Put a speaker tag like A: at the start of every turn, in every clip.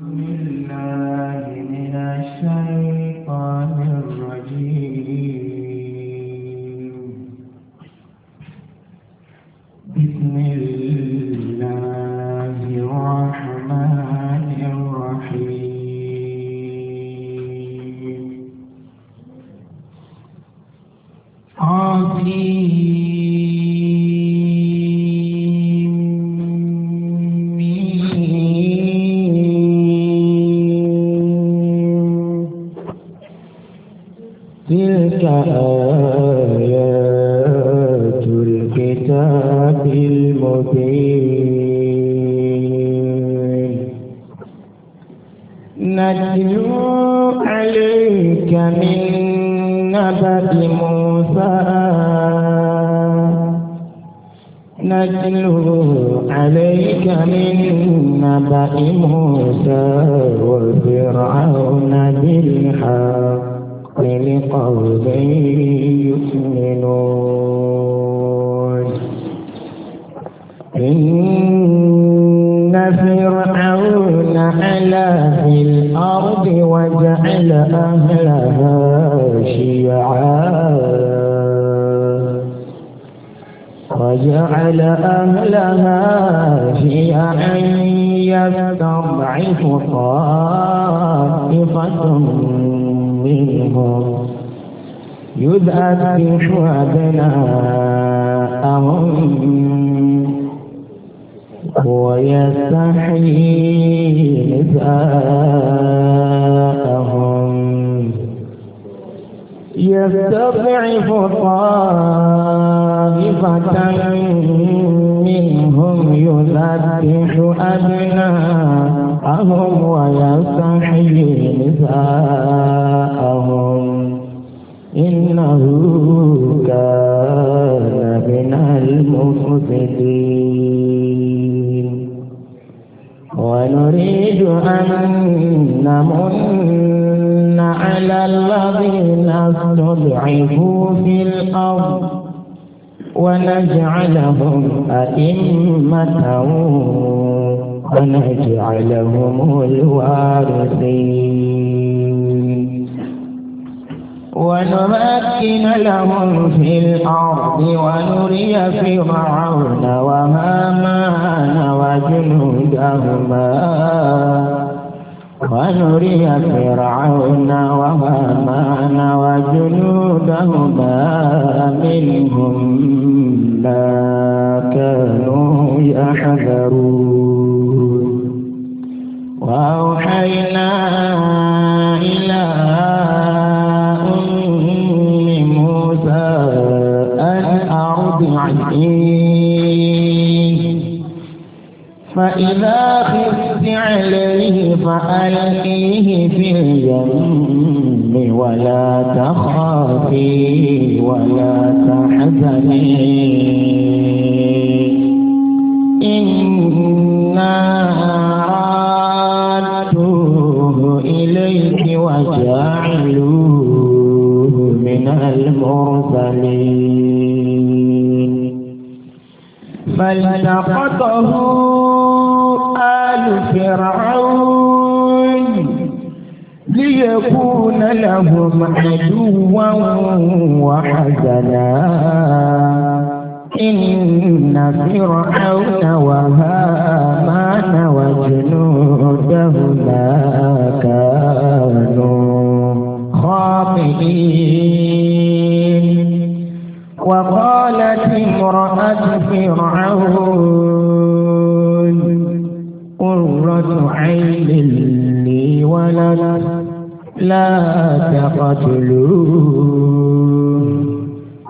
A: Amém. ما كانوا يحذرون وأوحينا إلى أم موسى أن أرضعيه فإذا خفت عليه فألقيه في اليم الظل ولا تخافي ولا تحزني إنا رادوه إليك وجعلوه من المرسلين فالتقطه آل فرعون ليكون لهم عدوا وحزنا إن فرعون وهامان وجنودهما كانوا خاطئين وقالت امرأة فرعون قرة عين لي ولك لا تقتلوه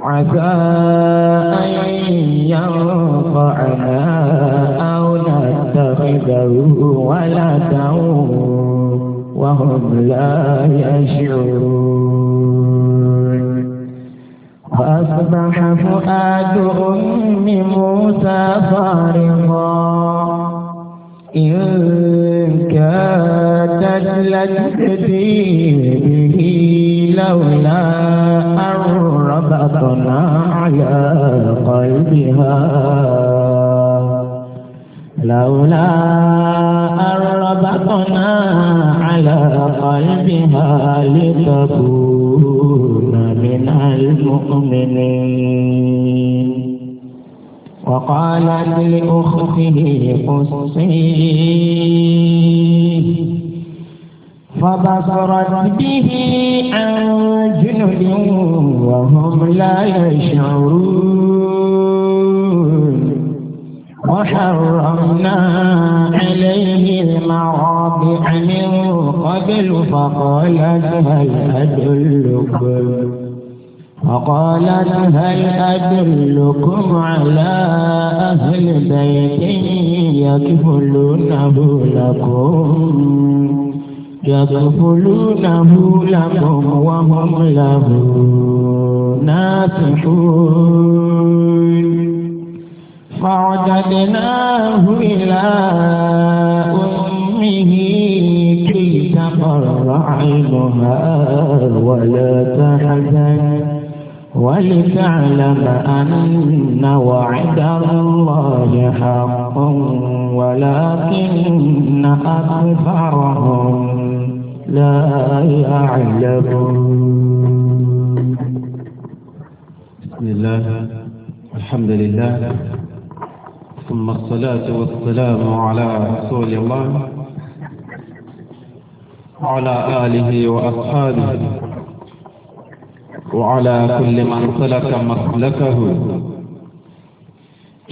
A: عسى أن ينفعنا أو نتخذه ولدا وهم لا يشعرون وأصبح فؤاد أم موسى فارغا إن ذلت يديه لولا أن ربطنا على قلبها لولا أن ربطنا على قلبها لتكون من المؤمنين وقالت لأخته قصيه فبصرت به عن جنب وهم لا يشعرون وحرمنا عليه المرابع من قبل فقالت هل أدلكم فقالت هل أدلكم على أهل بيت يكفلونه لكم يغفلونه لهم وهم له ناصحون فرددناه إلى أمه كي تقر عينها ولا تحزن ولتعلم أن وعد الله حق ولكن أكثرهم لا يعلمون
B: بسم الله الحمد لله ثم الصلاة والسلام على رسول الله وعلى آله وأصحابه وعلى كل من سلك مسلكه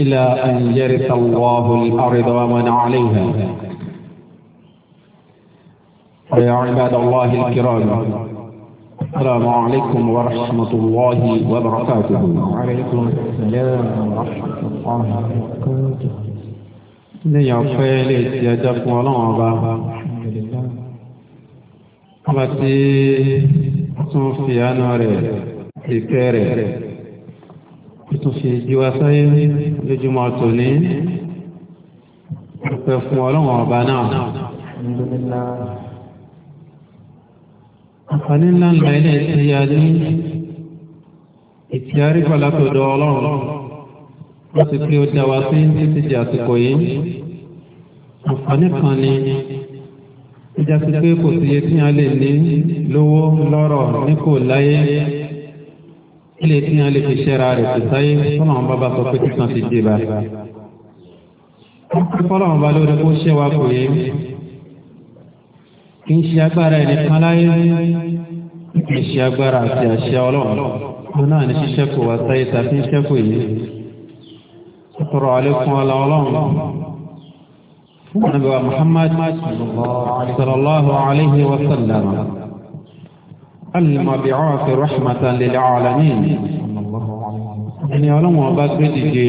B: إلى أن يرث الله الأرض ومن عليها يا عباد الله الكرام السلام عليكم ورحمة الله وبركاته وعليكم السلام ورحمة الله
A: وبركاته
B: ní ọ̀fẹ́ ilé ti ẹjọ́ fún ọlọ́run ọba ọba tí tún fi àánú rẹ̀ ìkẹ́ rẹ̀ tún fi jíwá sáyé lójúmọ́ tòní
C: ọpẹ́ fún ọlọ́run ọba náà
B: àǹfààní ńlá ńlá ilé ti ya ní ìtìyàrí pàlátọ̀dọ̀ ọlọ́run wọ́n ti pé ó dá wa sí títí di àsìkò yìí àǹfààní kan ni ìjà sí pé kò sí iye tí a lè ní lówó lọ́rọ̀ ní kò láyé
A: ilé tí a lè fi ṣẹ́ra rẹ̀ kò sáyé fún àwọn bàbá sọ pé kíkan ti dé bá.
B: wọ́n ti fọ́lọ́run bá lórí kó ṣẹ́wàá kò yé mi kì í ṣe agbára ẹnìkan láyé kì í ṣe agbára àti àṣẹ ọlọ́run wọn náà ní ṣiṣẹ́ kò wá sáyé tàbí ṣiṣẹ́ kò yìí tọrọ àlékún ọlá ọlọ́run fún àbẹ̀wà Muhammad
C: sallallahu alayhi wa sallam
A: al-mabi'ath rahmatan lil alamin ẹni ọlọ́run ọba gbé dìde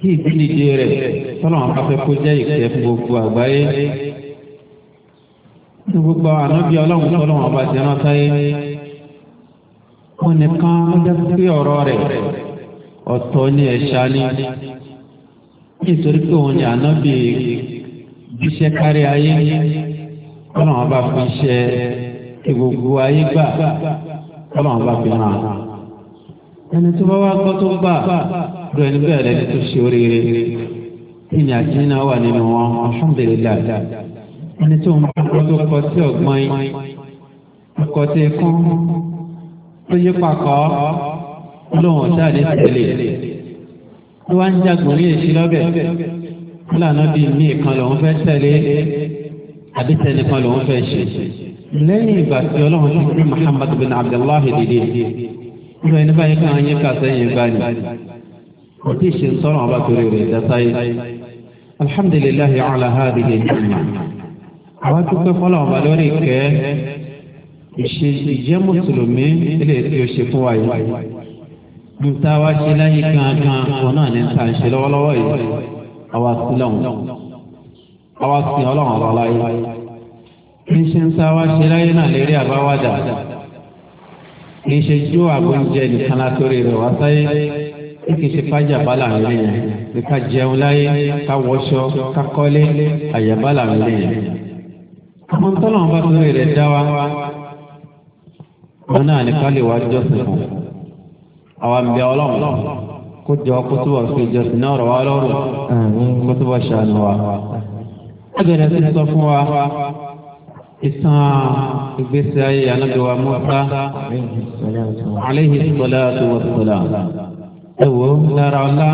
B: kí ìdíje rẹ̀ tọ́lọ́run bá jẹ́ ìkẹ́ gbogbo àgbáyé tí gbogbo ànábì ọlọ́run tọ́lọ́run ọba ti rán sáyé wọn nìkan ló jẹ́ pé ọ̀rọ̀ rẹ̀ ọ̀tọ̀ ni ẹ̀ṣá ni nítorí pé òun ni ànábì jíṣẹ́ kárí ayé ọlọ́run ọba fi ṣe gbogbo ayé gbà ọlọ́run ọba fi ràn án ẹni tó bá wá gbọ́ tó gbà lọ ẹni bẹ́ẹ̀ rẹ̀ tó ṣe oríire kí ni àti nínú wà nínú wọn alhamdulilayi ẹni tó ń bá tó kọ sí ọ̀gbọ́n yìí ọkọ̀ tó kún tó yí pàkọ́ lóun ọ̀tá àdé tẹ̀lé ló e. wá ń jagun ní èsì lọ́bẹ̀ fúlànà bíi mí kan lòun fẹ́ tẹ̀lé e, àbí tẹ̀lé kan lòun fẹ́ ṣe lẹ́yìn ìgbà tí ọlọ́run ló fi Muhammad bin Abdullahi dìde ìgbà yẹn báyìí kan yín kà sẹ́yìn báyìí kò tí ì ṣe sọ́rọ̀ ọba torí rẹ̀ dátà yìí alhamdulilayi ala hadihi al-ni'mah àwọn tó pẹ́ fọ́lá ọba lórí ìkẹ́ ìṣe ìjẹ́ mùsùlùmí ilé tí o ṣe fún wa yìí nta wa ṣe láyé kankan wọn náà ní ta ṣe lọ́wọ́lọ́wọ́ yìí àwa sí lọ́hùn àwa sí ọlọ́hùn ọba láyé ní ṣe nta wa ṣe láyé náà lérí àbáwádà ní ṣe jó àgbóúnjẹ nìkan látòrí rẹ̀ wá sáyé kí ṣe fájà bálà nílé yẹn ká jẹun láyé ká wọṣọ ká kọ́lé àyàbálà nílé àwọn tọ́lọ̀ bá tó rẹ̀ dá wa wọn náà ní kálí wa jọ́sìn fún àwa ń bẹ ọlọ́run kó jọ kó tó wà fún
C: ìjọsìn náà rọ̀ wá lọ́rùn kó tó wà ṣàánú wa.
B: wọ́n bẹ̀rẹ̀ sí sọ fún wa ìtàn ìgbésí ayé Ànábì wa Mùsá alayhi salatu wa salam ẹ wo lára ọlá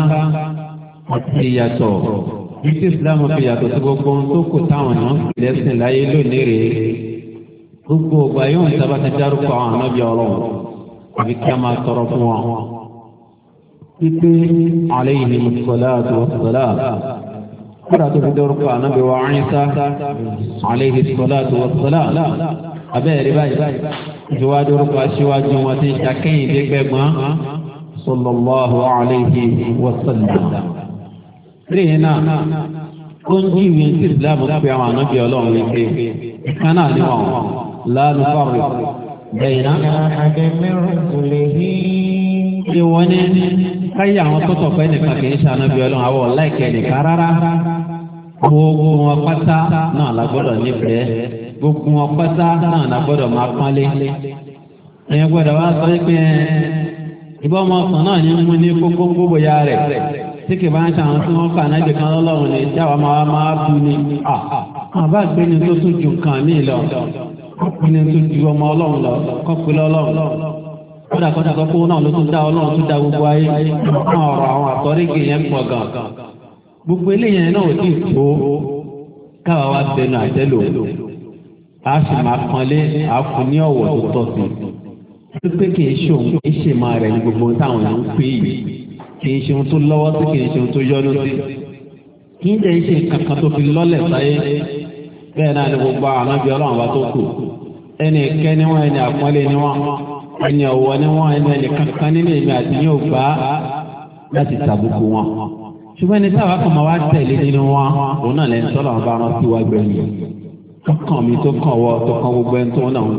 B: àti ìyàtọ̀ ìtì islam fi yàtọ̀ sí gbogbo ohun tó kù táwọn náà
C: lẹ́sìn láyé lónìí rèé
B: gbogbo ọgbà yóò ń sábà ti dárúkọ àwọn anábì ọlọ́run àbí kí a máa tọrọ fún wọn. pípé alayhi salatu wassalam
C: kódà tó fi dárúkọ anábì wa Isa alayhi salatu wassalam abẹ́rẹ́ báyìí ìwádìí orúkọ aṣíwájú
B: wọn ti ń ṣàkẹ́yìn dé lẹ́yìn na, ó ń jí ìwé tí islam pé àwọn ànábì ọlọ́run ní pé ìkan náà ni laa lánàá fáwọn lẹ́yìn
A: ìwọ ni káyé àwọn tó tọ̀ nìkan kì í ṣe ànábì ọlọ́run àwọn ọ̀láìkẹ́ nìkan rárá
B: gbogbo wọn pátá náà la gbọ́dọ̀ nífẹ̀ẹ́ gbogbo wọn pátá náà la wá sọ pé ìbọn ọmọ ọsàn náà ní kókó ya tí kì bá ń ṣe àwọn tí wọ́n fà náà jẹ̀kan lọ́lọ́run ní jáwa máa máa bú ni àbá gbéni tó tún ju kàn mí lọ gbéni tó ju ọmọ ọlọ́run lọ kọ́pẹ́ lọ́lọ́run kódà kódà kọ́pẹ́ náà ló tún dá ọlọ́run tún dá gbogbo ayé àwọn ọ̀rọ̀ àwọn àtọ́rígì yẹn pọ̀ gan gbogbo eléyẹn náà ò tí ì tó káwa wá bẹnu àtẹ́lò a sì máa kanlé àfun ní ọ̀wọ̀ tó tọ́ sí i pé kì í ṣe òun kì í ṣe máa rẹ̀ ní gbogbo táwọn ń pè yìí kìí ṣe ohun tó lọ́wọ́ sí kìí ṣe ohun tó yọ lórí kí n tẹ̀yìn ṣe nǹkan kan tó fi lọ́lẹ̀ sáyé bẹ́ẹ̀ náà ni gbogbo àwọn ànábì ọlọ́run bá tó kù ẹni ìkẹ́ ni wọ́n ẹni àpọ́nlé ni wọ́n ẹni ọ̀wọ́ ni wọ́n ẹni ẹni kankan nínú èmi àti ní ògbà láti tàbùkù wọn ṣùgbọ́n ẹni sábà kan máa wá tẹ̀lé nínú wọn òun náà lẹ́ni tọ́lọ̀ bá rán sí wa gbẹ̀yìn kọ́kàn mi tó kàn wọ́ tó kàn gbogbo ẹni tó náà ń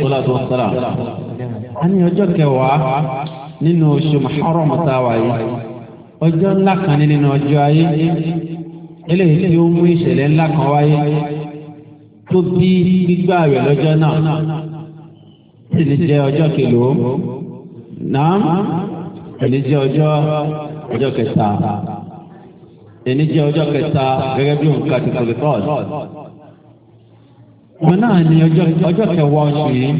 B: gbọ́ wa a ní ọjọ́ kẹwàá nínú oṣù Muharram táwa yìí ọjọ́ ńlá kan ní nínú ọjọ́ ayé eléyìí tí ó mú ìṣẹ̀lẹ̀ ńlá kan wáyé tó bí gbígbà rẹ̀ lọ́jọ́ náà sì ní jẹ́ ọjọ́ kìló náà èyí jẹ́ ọjọ́ ọjọ́ kẹta èyí jẹ́ ọjọ́ kẹta gẹ́gẹ́ bí òǹkà ti kọ̀lẹ́kọ̀ọ́d. wọn náà ní ọjọ́ kẹwàá oṣù yìí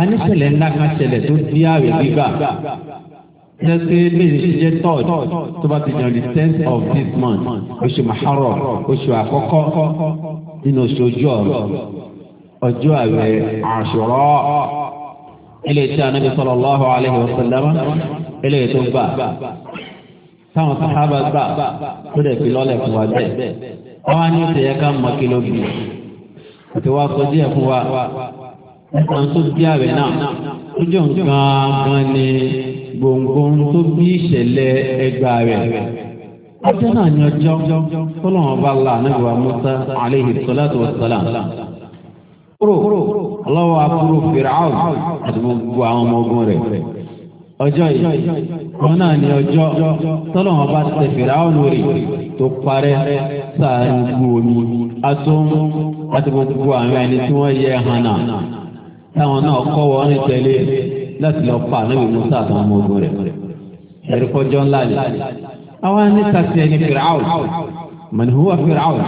B: aníṣẹ̀lẹ̀ ńlá kan ṣẹlẹ̀ tó di ààrẹ gbígbà tẹ́sí méjì ti jẹ́ third tó bá ti jẹun the tenth of this month oṣù maharo
A: oṣù àkọ́kọ́
B: nínú oṣù ojú ọ̀rọ̀ ọjọ́ ààrẹ àṣùrọ̀ ilé iṣẹ́ anábì sallallahu alaihi wasallam ilé ètò gbà
C: táwọn sàhábà gbà tó dẹ̀ fi lọ́lẹ̀ fún wa bẹ́ẹ̀ wọ́n á ní ìṣẹ̀yẹ ká mọ́ kí ló bì
B: àti wá sọ díẹ̀ fún wa. ẹ̀sán tó bí ààrẹ náà tó jọ gan ni gbòǹgbò tó bí ẹgbà náà la Musa aleyhi salatu wa salam.
C: kúrò akúrò àti gbogbo àwọn ọmọ ogun rẹ̀.
B: Ọjọ yìí wọn náà ni ọjọ tọ́lọ́wọ́n bá tẹ Fir'aun lórí tó parẹ́ sáà ń gbòòmí àti
C: táwọn náà kọ́ wọn ní tẹ̀lé láti lọ pa ànábì Musa àtàwọn ọmọ ogun rẹ̀
B: ẹ̀rí kọjọ́ ńlá ni. àwọn ní tàṣẹ ní Fir'aun man huwa Fir'aun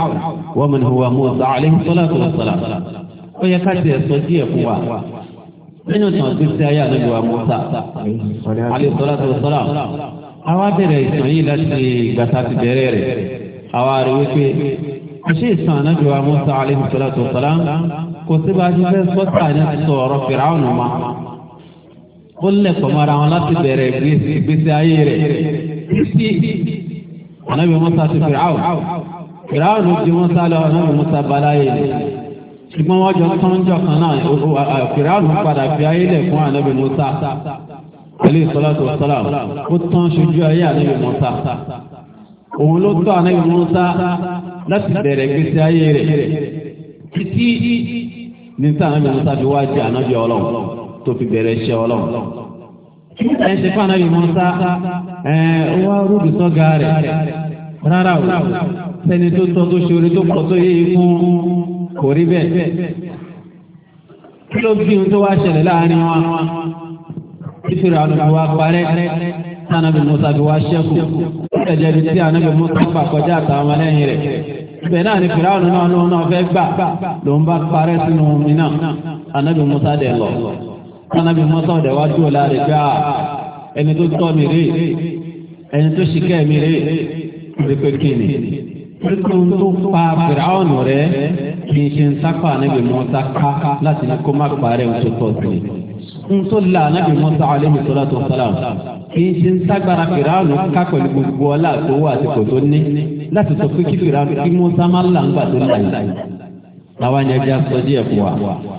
B: wa man huwa Musa alayhi salatu wa salam ó yẹ ká tiẹ̀ sọ díẹ̀ fún wa nínú ìtàn tó ti ayé ànábì wa Musa alayhi salatu wa ìtàn yìí láti gbàtà ti bẹ̀rẹ̀ rẹ̀ àwa rí wípé ṣé ìtàn ànábì wa Musa alayhi kò sí bá ti fẹ́ sọ́tà ní sọ̀rọ̀ fìràwọ̀n ma ó lẹ̀ pọ̀mọ́ra wọn láti bẹ̀rẹ̀ gbèsè ayé rẹ̀ títí ànábì Mùsá ti fìràwọ̀n fìràwọ̀n ti Mùsá lọ ànábì Mùsá balayé rẹ̀ ṣùgbọ́n wọ́n jọ tọ́njọ́ kan náà fìràwọ̀n padà fi ayé lẹ̀ fún ànábì Mùsá alayhi salatu wa salam ó tán ṣojú ayé ànábì Mùsá òun ló tọ́ ànábì Mùsá láti bẹ̀rẹ̀ gbèsè ayé rẹ̀ títí níta àwọn ènìyàn sábì
C: wá jẹ ànábì ọlọ́run tó fi bẹ̀rẹ̀ ṣẹ ọlọ́run.
B: ẹ ṣe fún ànábì Mùsá
C: ẹ wá rúbi sọ́gà rẹ̀
B: rárá o sẹ́ni tó tọ́ tó ṣe orí tó pọ̀ tó yé ikú kò rí bẹ́ẹ̀.
C: kí ló bí ohun tó wá ṣẹlẹ̀ láàrin wa ìṣòro àwọn ọmọ wa parẹ́ tí
B: ànábì fi wá ṣẹ́kù ó ṣẹ̀jẹ̀ bí tí ànábì Mùsá pàkọjá àtàwọn ọmọ lẹ́yìn rẹ̀ ibẹ̀ náà ni fìràwọn náà ló náà fẹ́ gbà ló ń bá parẹ́ sínú omi náà anabi musa dẹ̀ lọ anabi musa dẹ̀ wá dúró láre gbà ah, ẹni tó tọ́ mi rè ẹni tó ṣìkẹ́ mi rè pípẹ́ kíni tó pa fìràwọn rẹ̀ kì í ṣe ń sápá anabi musa ká láti ní kó má parẹ́ oṣù tó sí ntola anabi musa alayhi salatu wa salam kì í ṣe ń sagbara fìràwọn ká pẹ̀lú gbogbo ọlá tó wà àti kò ní láti sọ pé kíkìrà kí musa máa ń là ń gbà tó là yìí làwọn yẹn bí a sọ díẹ̀ fún wa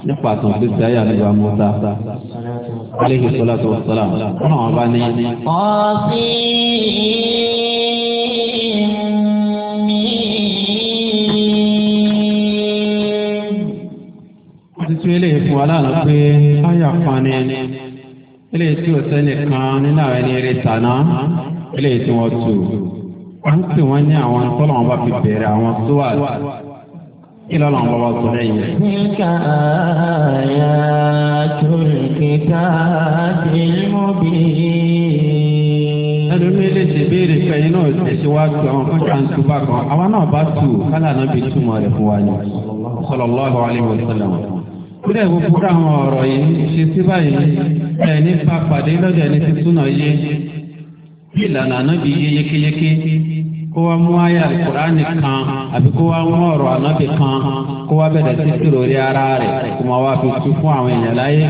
B: nípa àtàn tó ti ayé àlejò amúta aleyhi sọlá tó sọlá wọn àwọn bá ní. ọ̀sìn títú eléyìí fún wa lánàá pé ayà kan ní eléyìí tí ò sẹ́nìkan nínú àwọn ẹni rẹ̀ tàná eléyìí tí wọ́n tù wọ́n sì wọ́n ní àwọn tọ́lọ̀ wọn bá fi bẹ̀rẹ̀ àwọn
A: sówàlì kí lọ́nà wọn bá sọ lẹ́yìn rẹ̀. níka àyà tòlùkìtà tìlúbì.
B: ẹnu mi lè ṣe béèrè fẹ̀yìn náà ẹ̀ṣẹ̀ wá gbé àwọn fún ṣàǹtúbà kan àwọn náà bá tù kálá bí túmọ̀ rẹ̀ fún wa ni sallallahu alaihi wa sallam kúrẹ́ gbogbo àwọn ọ̀rọ̀ yìí ṣe sí báyìí ẹni pa pàdé ẹni tuntun náà yé ìlànà náà bí yékéyéké kó wa mú àyà alukur'ani kan àbí kó wa mú ọ̀rọ̀ ànábì kan kó wa bẹ̀rẹ̀ sí sí lórí ara rẹ̀ kó ma wá fi tu fún àwọn èèyàn láyé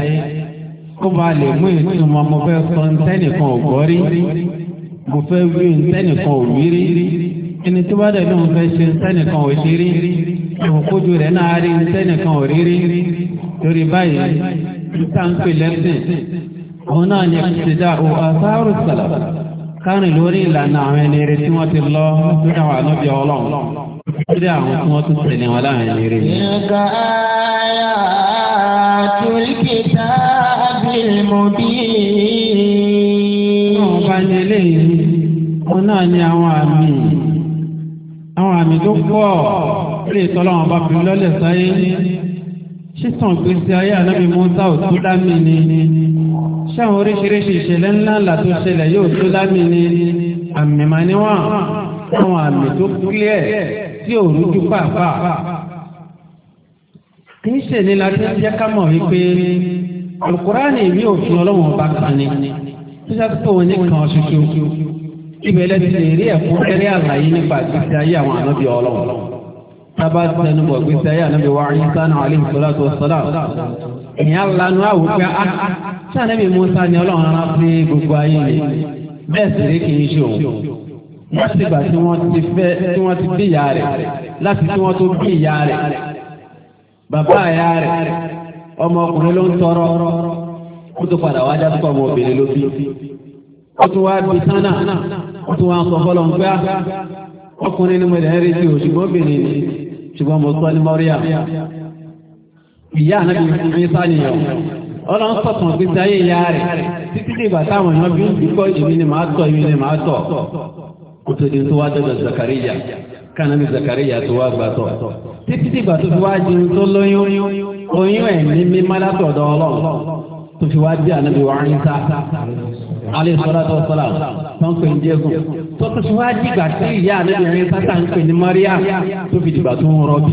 B: kó ba lè mú ìtumọ̀ mo fẹ́ sọ ntẹ́nìkan ò gbọ́ rí mo fẹ́ wí ntẹ́nìkan ò wí rí ẹni tó bá dẹ̀ lóun fẹ́ ṣe ntẹ́nìkan ò ṣe rí ìwòkójú rẹ̀ náà rí ntẹ́nìkan ò rí rí lórí báyìí níta lẹ́sìn òun náà ní ìṣèjà òun àtàrò sàlàbà kárìn lórí ìlànà àwọn ẹni rere tí wọ́n ti lọ lórí àwọn ànábì ọlọ́run lórí àwọn tí wọ́n tún tẹ̀lé wọn láwọn ẹni rere. nǹkan
A: ayà àtúnkìtà àbílmọ̀bí. náà bá
B: ní eléyìí wọn náà ní àwọn àmì àwọn àmì tó pọ̀ lórí ìtọ́lọ́wọ́n bá fi lọ́lẹ̀ sáyé sísan gbèsè ayé ànábì Mùsá ò tó lámì ni ṣáwọn oríṣiríṣi ìṣẹ̀lẹ̀ ńlá ńlá tó ṣẹlẹ̀ yóò tó lámì ni àmì màá níwọ̀n àwọn àmì tó kílẹ̀ tí ò rújú pàápàá kì í ṣe ní láti jẹ́ ká mọ̀ wípé alukurani mi ò fi ọlọ́wọ́n ọba kan ni títí àti pé òun ní kan ṣoṣo ibẹ̀ lẹ́sìn lè rí kẹ́rẹ́ àlàyé nípa ìgbésí ayé àwọn ànábì ọlọ́wọ́ tábà tẹnu bọ̀ pé sẹ́yà náà bí wà ní sánà alayhi salatu wassalam ìyá lanu àwùjọ á sànà bí Musa ni ọlọ́run rárá sí gbogbo ayé rẹ̀ bẹ́ẹ̀ sì rí kì í ṣe òun láti ìgbà tí wọ́n ti fẹ́ tí wọ́n ti bí ìyá rẹ̀ láti tí wọ́n tó bí ìyá rẹ̀ bàbá ìyá rẹ̀ ọmọkùnrin ló ń tọrọ ó tó padà wá dájú pọ̀ ọmọbìnrin ló bí ó tún wá bí sánà ó tún wá sọ fọlọ́ ń gbá ọkùnrin ni mo lè rí sí òṣùgbọ́n obìnrin ni ṣùgbọ́n mo sọ ní mọ́ríà ìyá ànábi ìsá nìyẹn ọlọ́run sọ̀tàn gbèsè ayé ìyá rẹ̀ títí dìgbà táwọn èèyàn bí ń dìkọ́ èmi ni màá tọ̀ èmi ni màá tọ̀ kó tó di tó wá dọ̀dọ̀ Zakariya kánábi Zakariya tó wá gbà tọ̀ títí dìgbà tó fi wá di tó lóyún oyún ẹ̀ ní mímọ́ látọ̀dọ̀ ọlọ́run tó fi wá di ànábi wàá ń sá alẹ́ sọ́lá tó sọ́lá tó ń pè ní jésù tó tó ti wá dìgbà tí ìyá àlẹ́bìnrin sátà ń pè ní maria tó fi dìgbà tó ń rọbí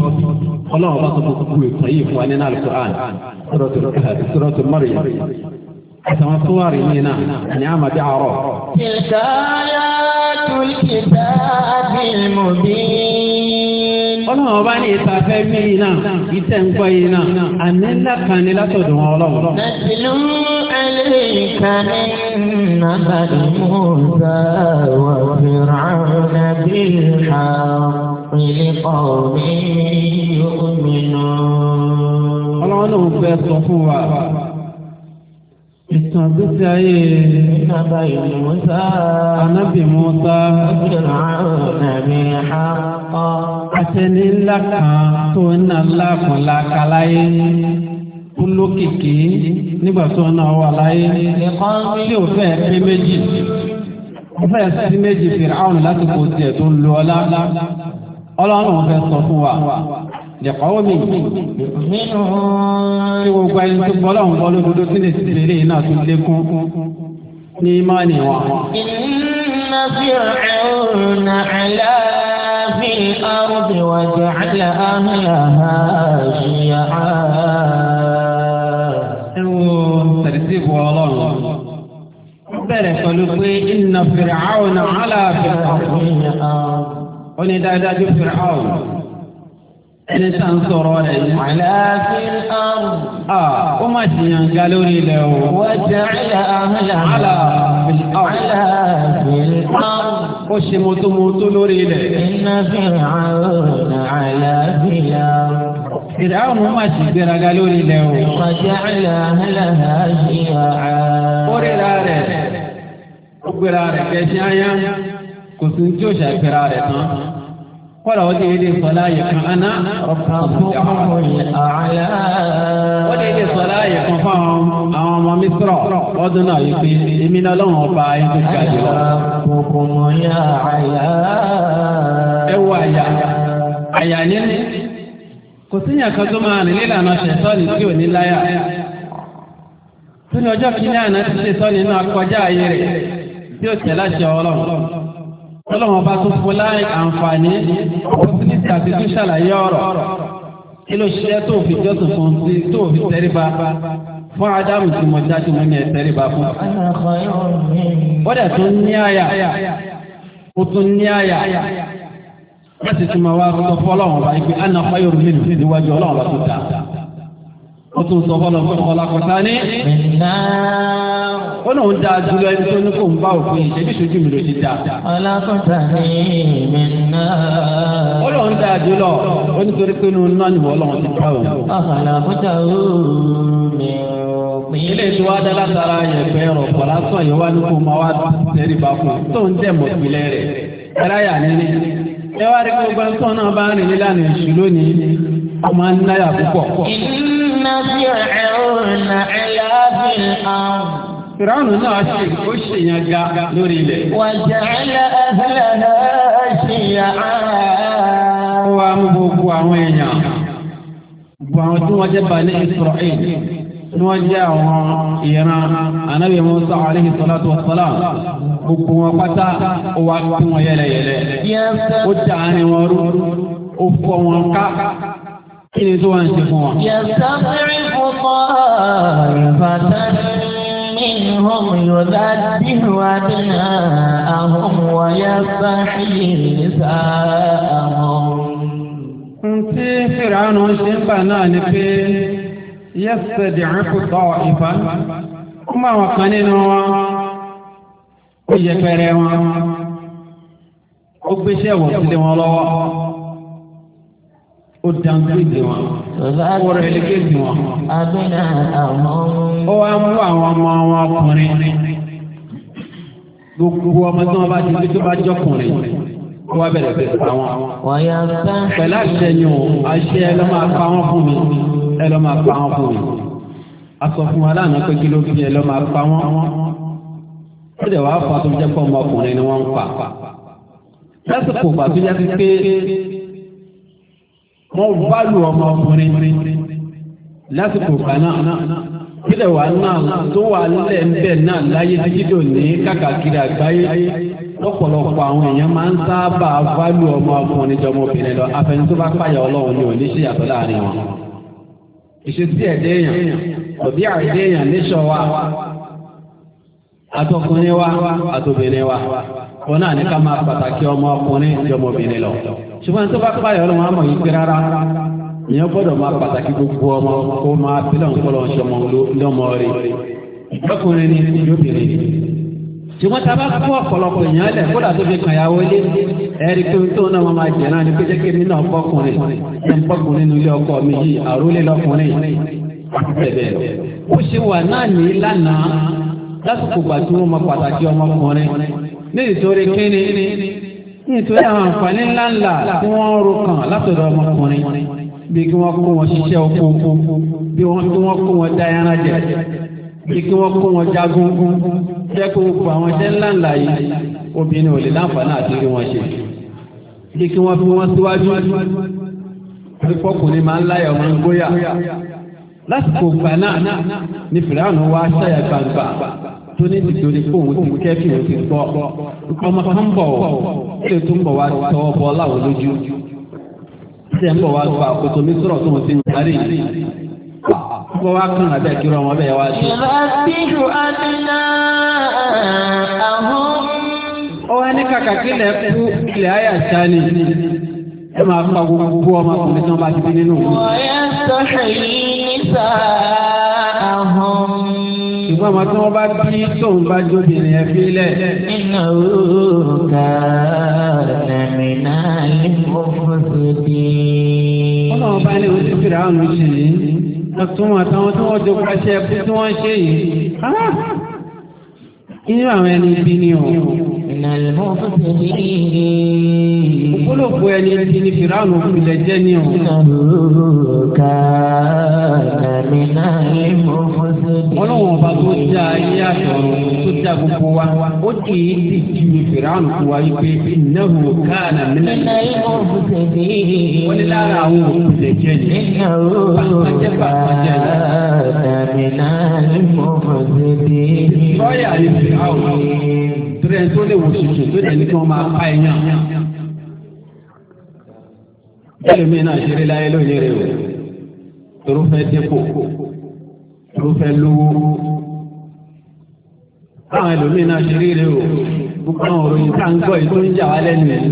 B: ọlọ́run bá tó kó kú ìtàn yìí fún wa nínú alukur'an sọ́dọ̀tò maria àtàwọn tó wà rí nínú ní amadi àárọ̀. ìdáyà tulkita bílmùbín. ọlọ́run ọba ní ìta fẹ́ mí iná ìtẹ̀ ń gbọ́ iná àní ńlá kan ní látọ̀dún
A: ọlọ́run. إليك من نبأ موسى وفرعون بالحق لقوم يؤمنون الله لو بيت ìtàn àgbésí ayé anábì Mùsá
B: àṣẹ ní ńlá kan tó ń nà ńlá kan lákàláyé ó lókìkí nígbà tó náà wà láyé tí ò fẹ́ pé méjì ó fẹ́ sí méjì fèrè àwọn láti kó tiẹ̀ tó ń lo ọlá ọlọ́run fẹ́ sọ fún wa lẹ́kọ̀ọ́ mi tí gbogbo ẹni tó gbọ́ lọ́wọ́ bọ́ lódodo tí lè ti bèrè náà tó lékún ní ìmánì wọn. inna fir'auna ala fil ardi wa
A: ja'ala ahlaha shi'a tẹ̀síbù ọlọ́run. ó bẹ̀rẹ̀ pẹ̀lú pé inna Fir'auna 'ala fil ardi.
B: ó ní dáadáa ju Fir'auna.
A: ẹni tá à ń sọ̀rọ̀ rẹ̀ ní. 'ala fil ardi. ó má
B: ti yàn ga lórí ilẹ̀ o. wa ja'ala ahlaha 'ala fil ó ṣe mọ́tòmọ́tò lórí ilẹ̀. inna Fir'auna 'ala fil ardi. Fìdáhùn máa ti gbéraga lórí ilẹ̀ o. Ìpàdé àlà àlàhà sí àá. Kórìíra rẹ̀ ó gbéra rẹ̀ kẹ̀sí ayá kò sí tí ó ṣàgbéra rẹ̀ tán. Kọ́lá ó dé ilé sọlá yìí kan aná. Ọ̀pá fún ọmọdé àlá. Ó dé ilé sọlá yìí kan fún àwọn ọmọ Mísírọ̀ ọdún náà yìí pé èmi náà lọ́wọ́ ọba ayé tó ga jù lọ. Ẹ wọ àyà àyà nílé kò sí yàn kan tó máa rìn nílànà ṣẹ̀tọ́nì tí ò ní láyà tó ní ọjọ́ kìíní àná ti ṣẹ̀tọ́nì náà kọjá ayé rẹ̀ tí ó
C: tẹ̀ láṣẹ ọlọ́run
B: ọlọ́run ọba tó fún láì àǹfààní ó sì ní tàbí tó ṣàlàyé ọ̀rọ̀ kí ló ṣe tó fi jọ́sùn fún ti tó fi tẹríba fún ádámù tí mo jáde mọ́ ní ẹ̀ tẹríba fún. ó dẹ̀ tún ní àyà ó tún ní àyà wọ́n sì ti máa wá sọ fọ́lọ́wọ́n bá ipe anna fayọ̀ mímu níwájú ọlọ́wọ́n bá tó ta wọ́n tún sọ fọ́lọ́ fún ọlá kọta ní. ó lóun da dúró ẹni tó ní kó ń bá òfin ìṣẹ́jú ìṣojú mi ló ti da.
A: ọlá ní mi náà. ó lóun da dúró
B: ó nítorí pé inú náà ni wọ́n lọ́wọ́n ti bá òun. ọ̀hánà kọta ó mi ilé tí wàá dá látara yẹn fẹ́ rọ̀ pọ̀ lásán yẹn wá ní máa wá tẹ́rì fún un tó ń dẹ̀ mọ̀ ìpìlẹ̀ rẹ̀ ẹ̀ráyà nílé. ẹ wá rí gbogbo ẹni tó náà bá rìn nílànà èṣù lónìí ó máa ń náyà púpọ̀.
A: iná bí ọ̀rẹ́ òun
B: náà ẹ̀ láàbìn àwọn. Fìràánù náà ṣe ó ga lórí ilẹ̀. Wàjà ilẹ̀ ẹ̀fẹ́lẹ̀ náà ṣèyà ara. Ó wá mú gbogbo àwọn èèyàn, gbogbo àwọn tí wọ́n jẹ́ ni wọ́n jẹ́ àwọn ìran anábì musa alayhi salatu wa salam gbogbo wọn pátá ó wá kí wọn yẹlẹyẹlẹ ó dà ní wọn rú ó fọ wọn ká
C: kí ni tó wà ń ṣe fún wọn. yẹ̀sán fúnpọ̀
B: ìbátan منهم يذبح
A: أبناءهم ويستحيي نساءهم.
B: Ntí Fìràánù ṣe ń bà náà ni pé yẹ́sẹ̀dì àkùtọ̀ ìfà ó máa wọn kan nínú wọn ó yẹpẹrẹ wọn ó gbéṣẹ́ wọn sílé wọn lọ́wọ́ ó dangúdì wọn ó rẹ̀lẹ́gẹ́dì wọn ó wá mú àwọn ọmọ wọn ọkùnrin gbogbo ọmọ tí wọn bá ti fi tó bá jọkùnrin ó wá bẹ̀rẹ̀ bẹ̀rẹ̀ pa wọn. pẹ̀lú àṣẹ yìí o àṣẹ ló máa pa wọn fún mi ẹ lọ máa pa wọn fún mi a sọ fún wa lánàá pé kí ló fi ẹ lọ máa pa wọn ó dẹ̀ wá fa tó jẹ́ pọ̀ ọmọkùnrin ni wọ́n ń pa lásìkò ìgbà tó yẹ pé wọ́n bá lu ọmọkùnrin lásìkò ìgbà náà kílẹ̀ wà náà tó wà lẹ̀ ń bẹ̀ náà láyé dídò ní kàkàkiri àgbáyé lọ́pọ̀lọpọ̀ àwọn èèyàn máa ń sábà bá lu ọmọkùnrin jọmọbìnrin lọ afẹnusọ́ba pààyà ọlọ́run ni ò ṣe yàtọ̀ láàrin wọn. ìṣesí ẹ̀dẹ́ èèyàn òbí ọ èèyàn níṣọ́ wa àtọkùnrin wa àtobìnrin wa náà ní ká máa pàtàkì ọmọ ọkùnrin àti ọmọbìnrin lọ ṣùgbọ́n tó bá pààyàn ọlọ́run á mọ̀ pé rárá ìyẹn gbọ́dọ̀ máa pàtàkì gbogbo ọmọ kó máa bílọ̀ ń ọkùnrin ni yóò ṣùgbọ́n tá a bá kó ọ̀pọ̀lọpọ̀ èèyàn lẹ̀ kódà tó fi kàn yà wọlé ẹ̀rí pé tó náà wọ́n máa jẹ̀ náà ni pé jẹ́kẹ́ mi náà bọ́kùnrin ní bọ́kùnrin nínú ilé ọkọ mi yìí àrólé lọ́kùnrin bẹ̀bẹ̀. ó ṣe wà náà ní lánàá lásìkò gbà tí wọ́n mọ pàtàkì ọmọkùnrin ní ìtorí kíni nítorí àwọn àǹfààní ńláńlá tí wọ́n ń ro kàn látọ̀dọ̀ ọmọkùnrin bí kí wọ́n kó wọn ṣiṣẹ́ okòókò bí wọ́n kó wọn dá ẹran jẹ bí kí wọ́n kó wọn jagun jẹ́ kó gbogbo àwọn iṣẹ́ ńlá ńlá yìí obìnrin ò lè láǹfààní àti wọn ṣe bí kí wọ́n lásìkò gbà náà ni fìlànà wa ṣàyà gbangba tó ní ìdòdì fóun ti kẹ́fì ó ti gbọ́ ọmọ kan ń bọ̀ bọ̀ wá bọ́ láwọn gba àkótó mi sọ̀rọ̀ tó gbogbo wa kàn án bẹ́ẹ̀ kí ọmọ bẹ́ẹ̀ wá sí.
A: ìbáṣíjú àdínà àwọn.
B: ó wá ní kàkà kí ilẹ̀ kú ilẹ̀ ayé àṣà ni ẹ máa fa gbogbo ọmọkùnrin tí wọ́n bá ti bí nínú. ọ̀yẹ́ sọ̀rọ̀ yìí ní sáà àwọn
A: ṣùgbọ́n àwọn tí wọ́n bá bí tóun bá jóbìnrin ẹ fi lẹ̀. iná òòkà nàmínà lè mọ fún ṣe dé. ọlọ́run bá ní oṣù fìrà àwọn oṣù yìí wọ́n tún wọn àtàwọn tí wọ́n jogún
B: ẹṣẹ́ ẹbí tí wọ́n ń ṣe yìí ah! inú àwọn ẹni ibi ni ọ̀hún.
A: Òpólòpó ẹni ẹni ni Fìràánù òkúlẹ̀ jẹ́ ní ọ̀hún.
B: Ọlọ́run ọba tó dá ayé àtọ̀run tó dá gbogbo wa, ó kì í sì kí ni Fìràánù kú wa wípé ìnáwó káàdà mílẹ̀.
A: Wọ́n ní lára àwọn òkúlẹ̀ jẹ́ ní. Bàtàjẹ́ bàtàjẹ́ náà. Lọ́yà ni Fìràánù torí ẹni tó
B: lè wò ṣoṣo tó dẹ̀ ní kí wọ́n máa pa ẹ̀yàn. ẹlòmíín náà ṣeré láyé lóye rẹ o toró fẹ́ dépò toró fẹ́ lówó. báwọn ẹlòmíín náà ṣeré rẹ o gbogbo àwọn òròyìn tá à ń gbọ́ yìí tó ń jà wá lẹ́nu ẹ̀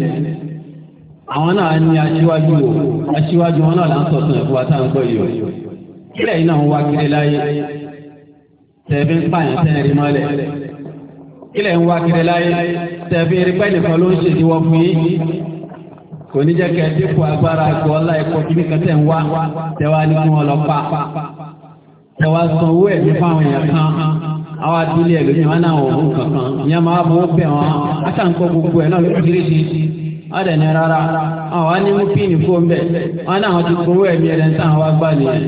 B: àwọn náà ní aṣíwájú o aṣíwájú wọn náà là ń sọ̀tún ẹ̀fọ́ wa tá à ń gbọ́ yìí o. ilé yìí náà ń wá kiri láyé tẹ̀fín pààyàn tẹ́rin mọ́lẹ̀. kílẹ̀ ń wá kiri láyé tẹ̀fí erékọ́ ẹnìkan ló ń ṣe ìdíwọ́ fún yín kò ní jẹ́ kẹ́ dípò agbára ẹ̀kọ́ ọlá ẹ̀kọ́ kí nìkan tẹ̀ ń wá tẹ̀wá ní kí wọ́n lọ pa tẹ̀wá san owó ẹ̀mí fáwọn èèyàn kan àwọn adúlé ẹ̀ lónìí náà kankan ìyá máa bẹ̀ gbogbo ẹ̀ náà ló kiri ọ̀dẹ̀ ní rárá àwọn fún bẹ́ẹ̀ náà ti kó owó ẹ̀mí ẹ̀rẹ́ wá gbà nìyẹn.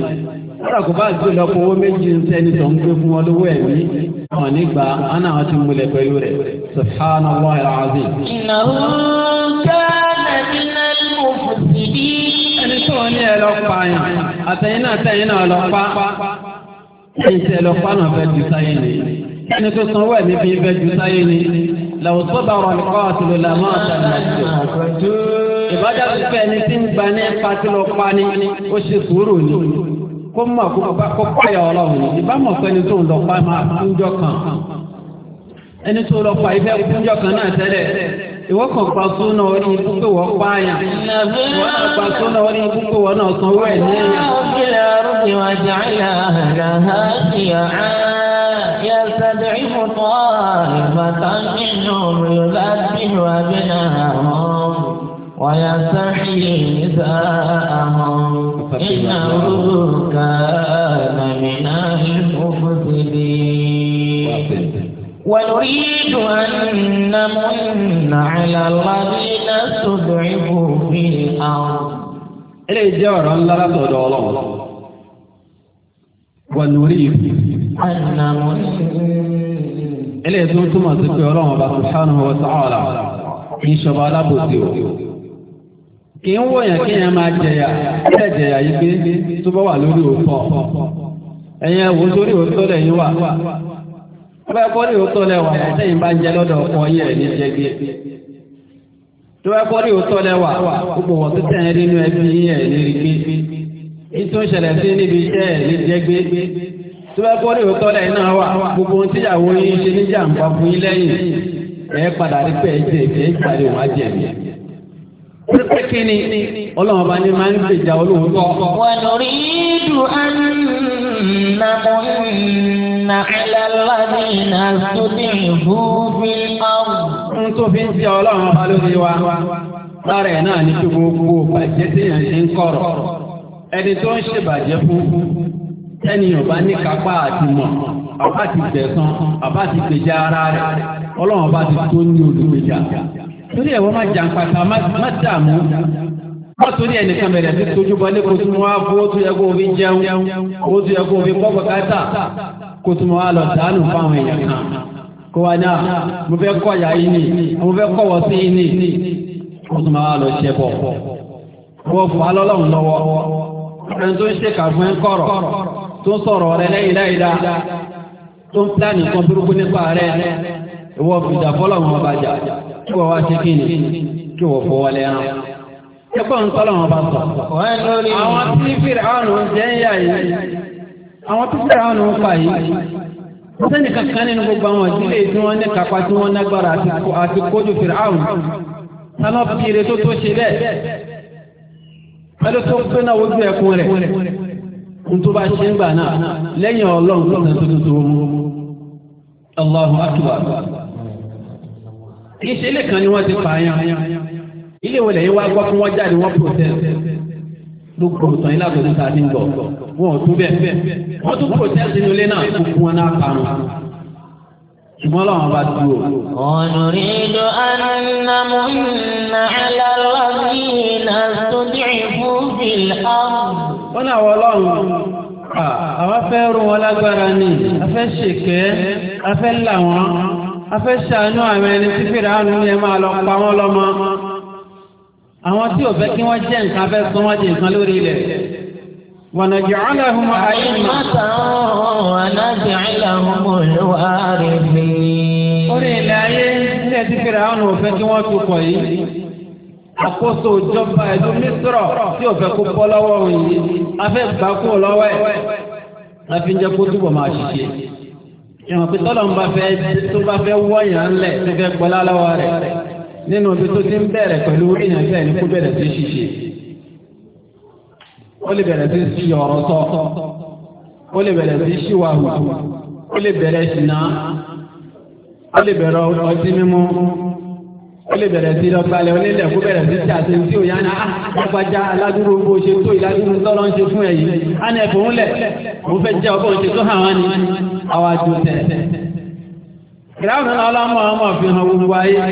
B: ọ̀rọ̀ kò bá gbé owó méjì ń tẹ́ni tó ń gbé fún àwọn nígbà ana àti múlẹ̀ pẹ̀lú rẹ̀ subhanallah alazim. ìnáwó
C: gánà nínú ìmọ̀fùsìdí.
B: ẹni tí wọ́n ní ẹ lọ pa yàn àtẹ̀yìn náà tẹ̀yìn náà lọ pa ẹ̀yìn tí ẹ lọ pa náà fẹ́ ju ẹni tó sanwó ẹ̀mí fi fẹ́ ju sáyé ni làwọn tó bá rọ̀ nípa àtúlò làwọn àtàlẹ́ ìbájá fífẹ́ ni tí ń gba ní pátí lọ pa ni ó ṣe sùúrù ni kó mọ̀ kó pààyà ọlọ́run ìbámu ọ̀pẹ ni tó ń lọ pa máa kúnjọ kan ẹni tó lọ pa ibẹ̀ kúnjọ kan náà tẹ́lẹ̀ ìwọ kan pa súnà orí ikú pé wọ́n pààyàn wọ́n náà pa súnà orí ikú pé wọ́n náà sanwó ẹ̀ ní ẹ̀yìn. يستدعف طائفة منهم يذبح أبناءهم
A: ويستحيي نساءهم إنه كان من المفسدين ونريد أن نمن على الذين استضعفوا في الأرض
B: eléyìí jẹ́ ọ̀rọ̀ ńlá látọ̀dọ̀ ọlọ́run wọ́n lórí ìlú. eléyìí tó túmọ̀ sí pé ọlọ́run ọba subhanahu wa ta'ala kì í ṣọba alábòsí o. kì ń wọ̀nyàn kí yẹn máa jẹyà yìí pé tó bá wà lórí òótọ́ ẹ̀yìn ẹ̀wò sórí òótọ́ lẹ́yìn wà ọba ní bá ń jẹ lọ́dọ̀ ọkọ yẹ̀ ní jẹgbẹ́ tó ní gbogbo wọn tó tẹ̀yìn nínú ẹbí ní rí gbé ètò ìṣẹ̀lẹ̀ sí níbi iṣẹ́ ní tó gbogbo ohun tíyàwó ṣe fún yín lẹ́yìn ẹ̀ padà rí
A: Pípẹ́ kí ni
B: ọlọ́run ọba ní máa ń gbèjà olóhùn tó ọkọ.
A: Wàlórí ìdù ànàmọ́nà àlàlàbí nà sódì ìhúbí ọ̀hún.
B: Ń tó fi ń jẹ ọlọ́run ọba lórí wa. Lára ẹ̀ náà ní kí gbogbo bàjẹ́ tí yẹn ti ń kọ̀rọ̀. Ẹni tó ń ṣèbàjẹ́ fún ẹni ọba ní kápá àti mọ̀ àbá ti tẹ̀sán àbá ti gbèjà ara rẹ̀ ọlọ́run ọba ti tó ní olùgbèjà torí ẹ̀wọ́ má jà ń pàtà má dààmú wọ́n torí ẹnìkan bẹ̀rẹ̀ sí tójú bọ́lé kó tún wá fún oṣù ẹ̀kọ́ omi jẹun oṣù ẹ̀kọ́ omi kọ́kọ́ káta kó tún lọ dànù fáwọn èèyàn kan kó wá náà mo fẹ́ kọ́ ya yìí ni mo fẹ́ kọ́ wọ́ sí yìí ni kó tún wá lọ ṣẹ́ bọ̀ wọ́n fún alọ́lọ́run lọ́wọ́ ẹni tó ń ṣe kàfún ẹ̀ kọ̀rọ̀ tó ń sọ̀rọ̀ rẹ lẹ́yìn láìda tó ń pílánì kan burúkú nípa rẹ ìwọ fìjà fọ́lọ́ kí wọ́n wá ṣe kí ni kí wọ́n fọwọ́ lẹ́rán. ẹgbẹ́ ń tọ́lọ̀ wọn bá sọ. àwọn tí fìrà ọ̀nà jẹ́ ń yà yìí àwọn tí fìrà ọ̀nà ń fà yìí sẹ́ni kankan nínú gbogbo àwọn ìdílé tí wọ́n ní kápá tí wọ́n nágbára àti kójú sálọ́ tó tó ṣe bẹ́ẹ̀ pẹ̀lú tó pé náà ẹkùn rẹ̀ ṣe ń gbà náà lẹ́yìn ọlọ́run tó kì í ṣe ilé kan ni wọ́n ti pààyàn ilé ìwọlẹ̀ yìí wá gbọ́ fún wọ́n jáde wọ́n protest gbogbo ìtàn yìí látọ̀ níta ní bọ̀ wọn tún bẹ́ẹ̀ wọ́n tún protest nínú ilé náà fún fún wọn náà parun ṣùgbọ́n làwọn bá dúró. ọ̀nùrìndò
A: anamúnà alárọ̀bí náà tó dìrì fún bìlá. wọ́n náà wọ ọlọ́run
B: àwọn afẹ́ rún wọn lágbára ni afẹ́ ṣèkẹ́ afẹ́ là wọn afẹ́ ṣàánú àwọn ẹni tí fèrè àánú ni ẹ máa lọ pa wọ́n lọ́mọ. àwọn tí ò fẹ́ kí wọ́n jẹ́ nǹkan fẹ́ sọ wọ́n jẹ́ nǹkan lórí ilẹ̀. ونجعلهم أئمة ونجعلهم الوارثين.
A: orí ilẹ̀ ayé ilé tí
B: fèrè àánú ò fẹ́ kí wọ́n tukọ̀ yìí àkóso ìjọba ìlú mísírọ̀ tí ò fẹ́ kó bọ́ lọ́wọ́ òun afẹ́ gbà lọ́wọ́ ẹ̀
C: ìwọ̀n pé tọ́lọ̀ ń bá fẹ́ tó bá fẹ́ wọ́yàn ńlẹ̀ tó fẹ́ gbọ́lá lọ́wọ́ rẹ̀ nínú ibi tó ti ń bẹ̀rẹ̀ pẹ̀lú èèyàn bẹ́ẹ̀ ni kó bẹ̀rẹ̀ sí
B: ṣíṣe ó lè bẹ̀rẹ̀ sí sí ọ̀rọ̀ sọ ó lè bẹ̀rẹ̀ sí ṣíwà wà ó lè bẹ̀rẹ̀ ṣìnà ó lè bẹ̀rẹ̀ ọtí mímú
C: ó lè bẹ̀rẹ̀ sí lọ́gbàlẹ̀ onílẹ̀ kó bẹ̀rẹ̀ sí sí àti tí ò yá ní àgbàjá ah, aládùúgbò
B: bó ṣe tó ìládùúgbò tọ́lọ́ ń ṣe fún ẹ̀yìn á ní ẹ̀fọ́ ńlẹ̀ mo fẹ́ jẹ́ ọgbọ́n ṣe tó hàn wá ni àwọn àjò tẹ̀. Ìdáhùn náà ọlọ́mọ ọmọ fi hàn gbogbo ayé.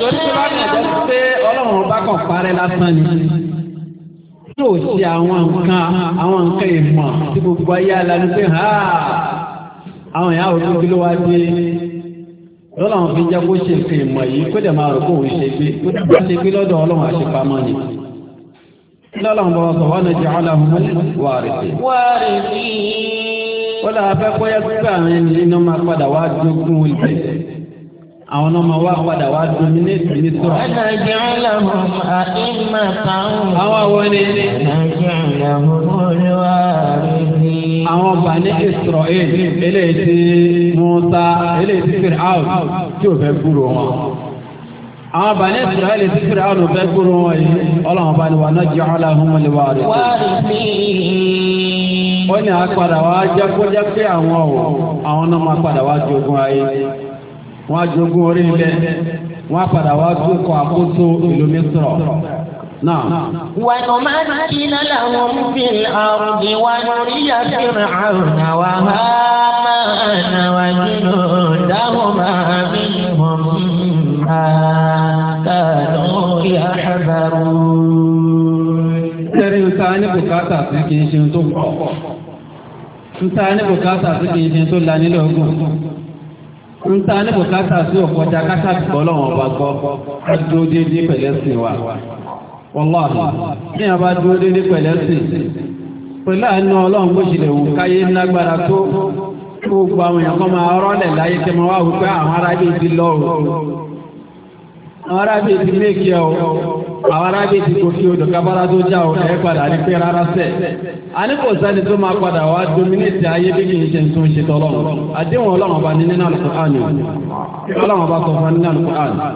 B: Torí pé bá kàn jẹ́ pé ọlọ́run bá kàn parẹ́ lásán ni. Yóò ṣe àwọn nǹkan àwọn nǹkan ìmọ̀ tí gbogbo ayé alanu pé ha àwọn ìyá òtún kí ló wá dé. Ọlọ́run fi jẹ́ kó ṣe nǹkan ìmọ̀ yìí kó dẹ̀ máa rò kó òun ṣe gbé. Kó dẹ̀ bá ṣe gbé lọ́dọ̀ ọlọ́run àṣepamọ́ ni. Lọ́lọ́run bá wọ́n sọ wọ́n náà ó lára fẹ́ kọ́yá pípẹ́ àwọn ènìyàn náà máa padà wá jogún ilẹ̀ àwọn náà máa wá padà wá dominate ní sọ̀rọ̀. ẹ̀nà ìjẹ́ ọ̀làmù àìmọ̀ táwọn. àwọn àwọn ni. ẹ̀nà ìjẹ́
A: ọ̀làmù olúwa rẹ̀ ni. àwọn
B: eléyìí tí Musa eléyìí tí ò fẹ́ gbúrò wọn àwọn bàní israẹli ti fìrà ọ̀nà bẹ́ẹ̀ gbúrò wọn yìí ọlọ́run bá ní wà náà jẹ́ ọ̀la ọ̀hún rẹ̀. wà rí sí ó ní àpadà wá jákójá pé àwọn ọ̀wọ̀ àwọn náà máa padà wá jogún ayé wọ́n á jogún orí ilẹ̀
A: wọ́n á padà wá tún kọ àkóso
B: ìlú mísírọ̀
A: náà. wànú máa ń kíná làwọn fi àrùn ìwájú rí àfihàn àrùn
B: ta ní bùkátà tí kì í ṣe tó pọ̀. nta ta ní bùkátà kì í ṣe tó la nílẹ̀ ogun nta ta ní bùkátà sí ọba sí wa wọláhì ní àbá dúró déédé pẹ̀lẹ́ sí pẹ̀lú àánú ọlọ́run bó ṣe lè wù káyé lágbára tó gbogbo àwọn èèyàn kan máa láyé wá àwọn àwọn arábìtì kò odò kábàrà tó já òun ẹ̀ padà ní pé rárá a tó máa padà wá dominate ayé bí kì í ṣe tún ṣe tọ́lọ́ àdéhùn ọlọ́run ọba ní nínú Al-Qur'an ọlọ́run ọba sọ fún nínú Al-Qur'an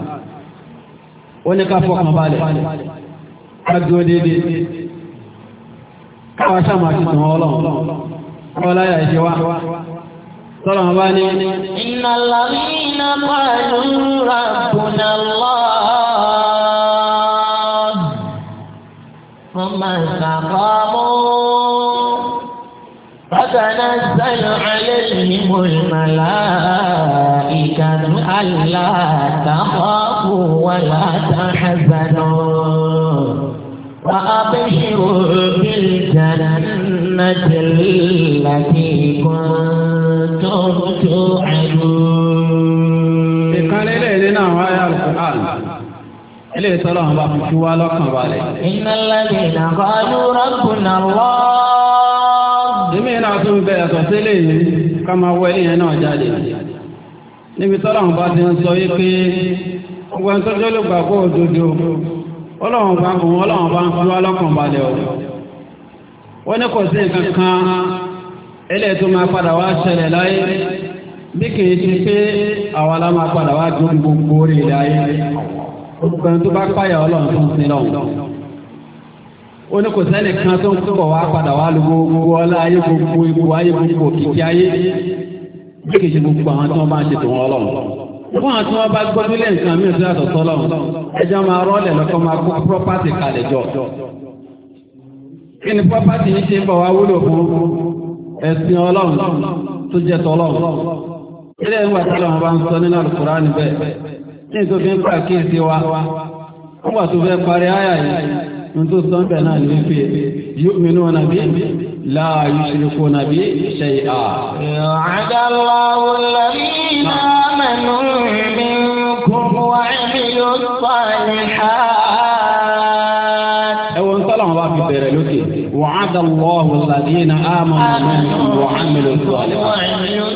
B: ó ní ká fọkàn balẹ̀ ká dúró ti tàn
A: ọlọ́run wá ní. ثم استقاموا فتنزل عليهم الملائكة ألا تخافوا ولا تحزنوا وأبشروا بالجنة التي كنتم توعدون
B: ilé ìtọ́lọ́ àwọn bá fi fi wá lọ́kàn balẹ̀. iná lẹ́bi ìnàkọ́lù rọ́bùnà lọ́. èmi náà tún bẹ̀rẹ̀ sọ sílé yìí ká máa wọ ilé yẹn náà jáde. níbi tọ́lọ́ àwọn bá ti ń sọ yìí pé gbogbo ẹni tọ́jú ló gbàgbọ́ òdodo ọlọ́run bá kùn ọlọ́run bá ń fi wá lọ́kàn balẹ̀ o. wọ́n ní kò sí nǹkan kan ilé tó máa padà wá ṣẹlẹ̀ láyé bí kì í ti pé àwa la máa padà wá dún gbogbo orí ilé ọmọkùnrin tó bá páyà ọlọ́run tó ń sin lọ́hùn. ó ní kò sẹ́nì kan tó ń kọ̀ wá padà wá lu gbogbo ọlá ayé gbogbo ipò ayé gbogbo òkìkí ayé bí kìí ṣe gbogbo àwọn tí wọ́n bá ń ṣètò wọn ọlọ́run. fún àwọn tí wọ́n bá gbọ́ nílé nǹkan mí
C: ìtura tọ̀tọ̀ lọ́hùn ẹjọ́ máa rọ́ọ̀lẹ̀ lọ́kọ́ máa kó pírọ́pátì kalẹ̀ jọ.
B: kí ni pírọ́pátì yìí ṣe ń bọ̀ wá wúlò fún ẹ̀sìn ọlọ́run tó jẹ́ tọ́lọ́run. ilé ìwà tí wọ́n bá ń sọ nínú àlùkùránì kí n tó fi ń pa kíyèsí wa ó wà tó fẹ́ parí àyà yìí ní tó sọ bẹ̀ náà ní pé yu'minuna bi la yushrikuna bi shay'a.
A: àdá lọ́wọ́ alladhina amanu minkum wa 'amilu
B: bá fi bẹ̀rẹ̀ lókè wa'ada Allahu alladhina amanu minkum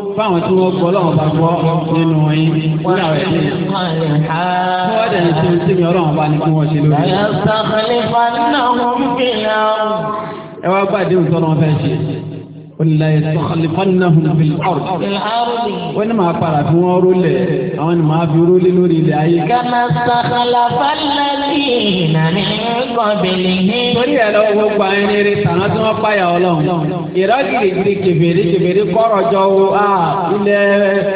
B: fáwọn tí wọ́n gbọ́ ọlọ́run bá gbọ́ nínú yín nígbà rẹ̀ dé. Kí wọ́n dẹ̀yìn tí tí mi ọlọ́run bá ní kí wọ́n ṣe lórí. Ẹ wá gbàdéhùn tọ́nà fẹ́ ṣe olùlà ìsọ̀kọ̀lìfọ́nàhùn fìlọ́rù wọ́n ní máa para fún wọn rólẹ̀ àwọn ni máa fi rólé lórí ilẹ̀ ayé. kàmá sàkàlàfàlàlì nàní kọ̀bìlì ní. torí ẹ̀ lọ gbogbo àwọn ẹni rí tàná tí wọ́n páyà ọlọ́run ìrọ́gìrì gírí kèfèrí kèfèrí kọ́rọ̀ jọ wo ilẹ̀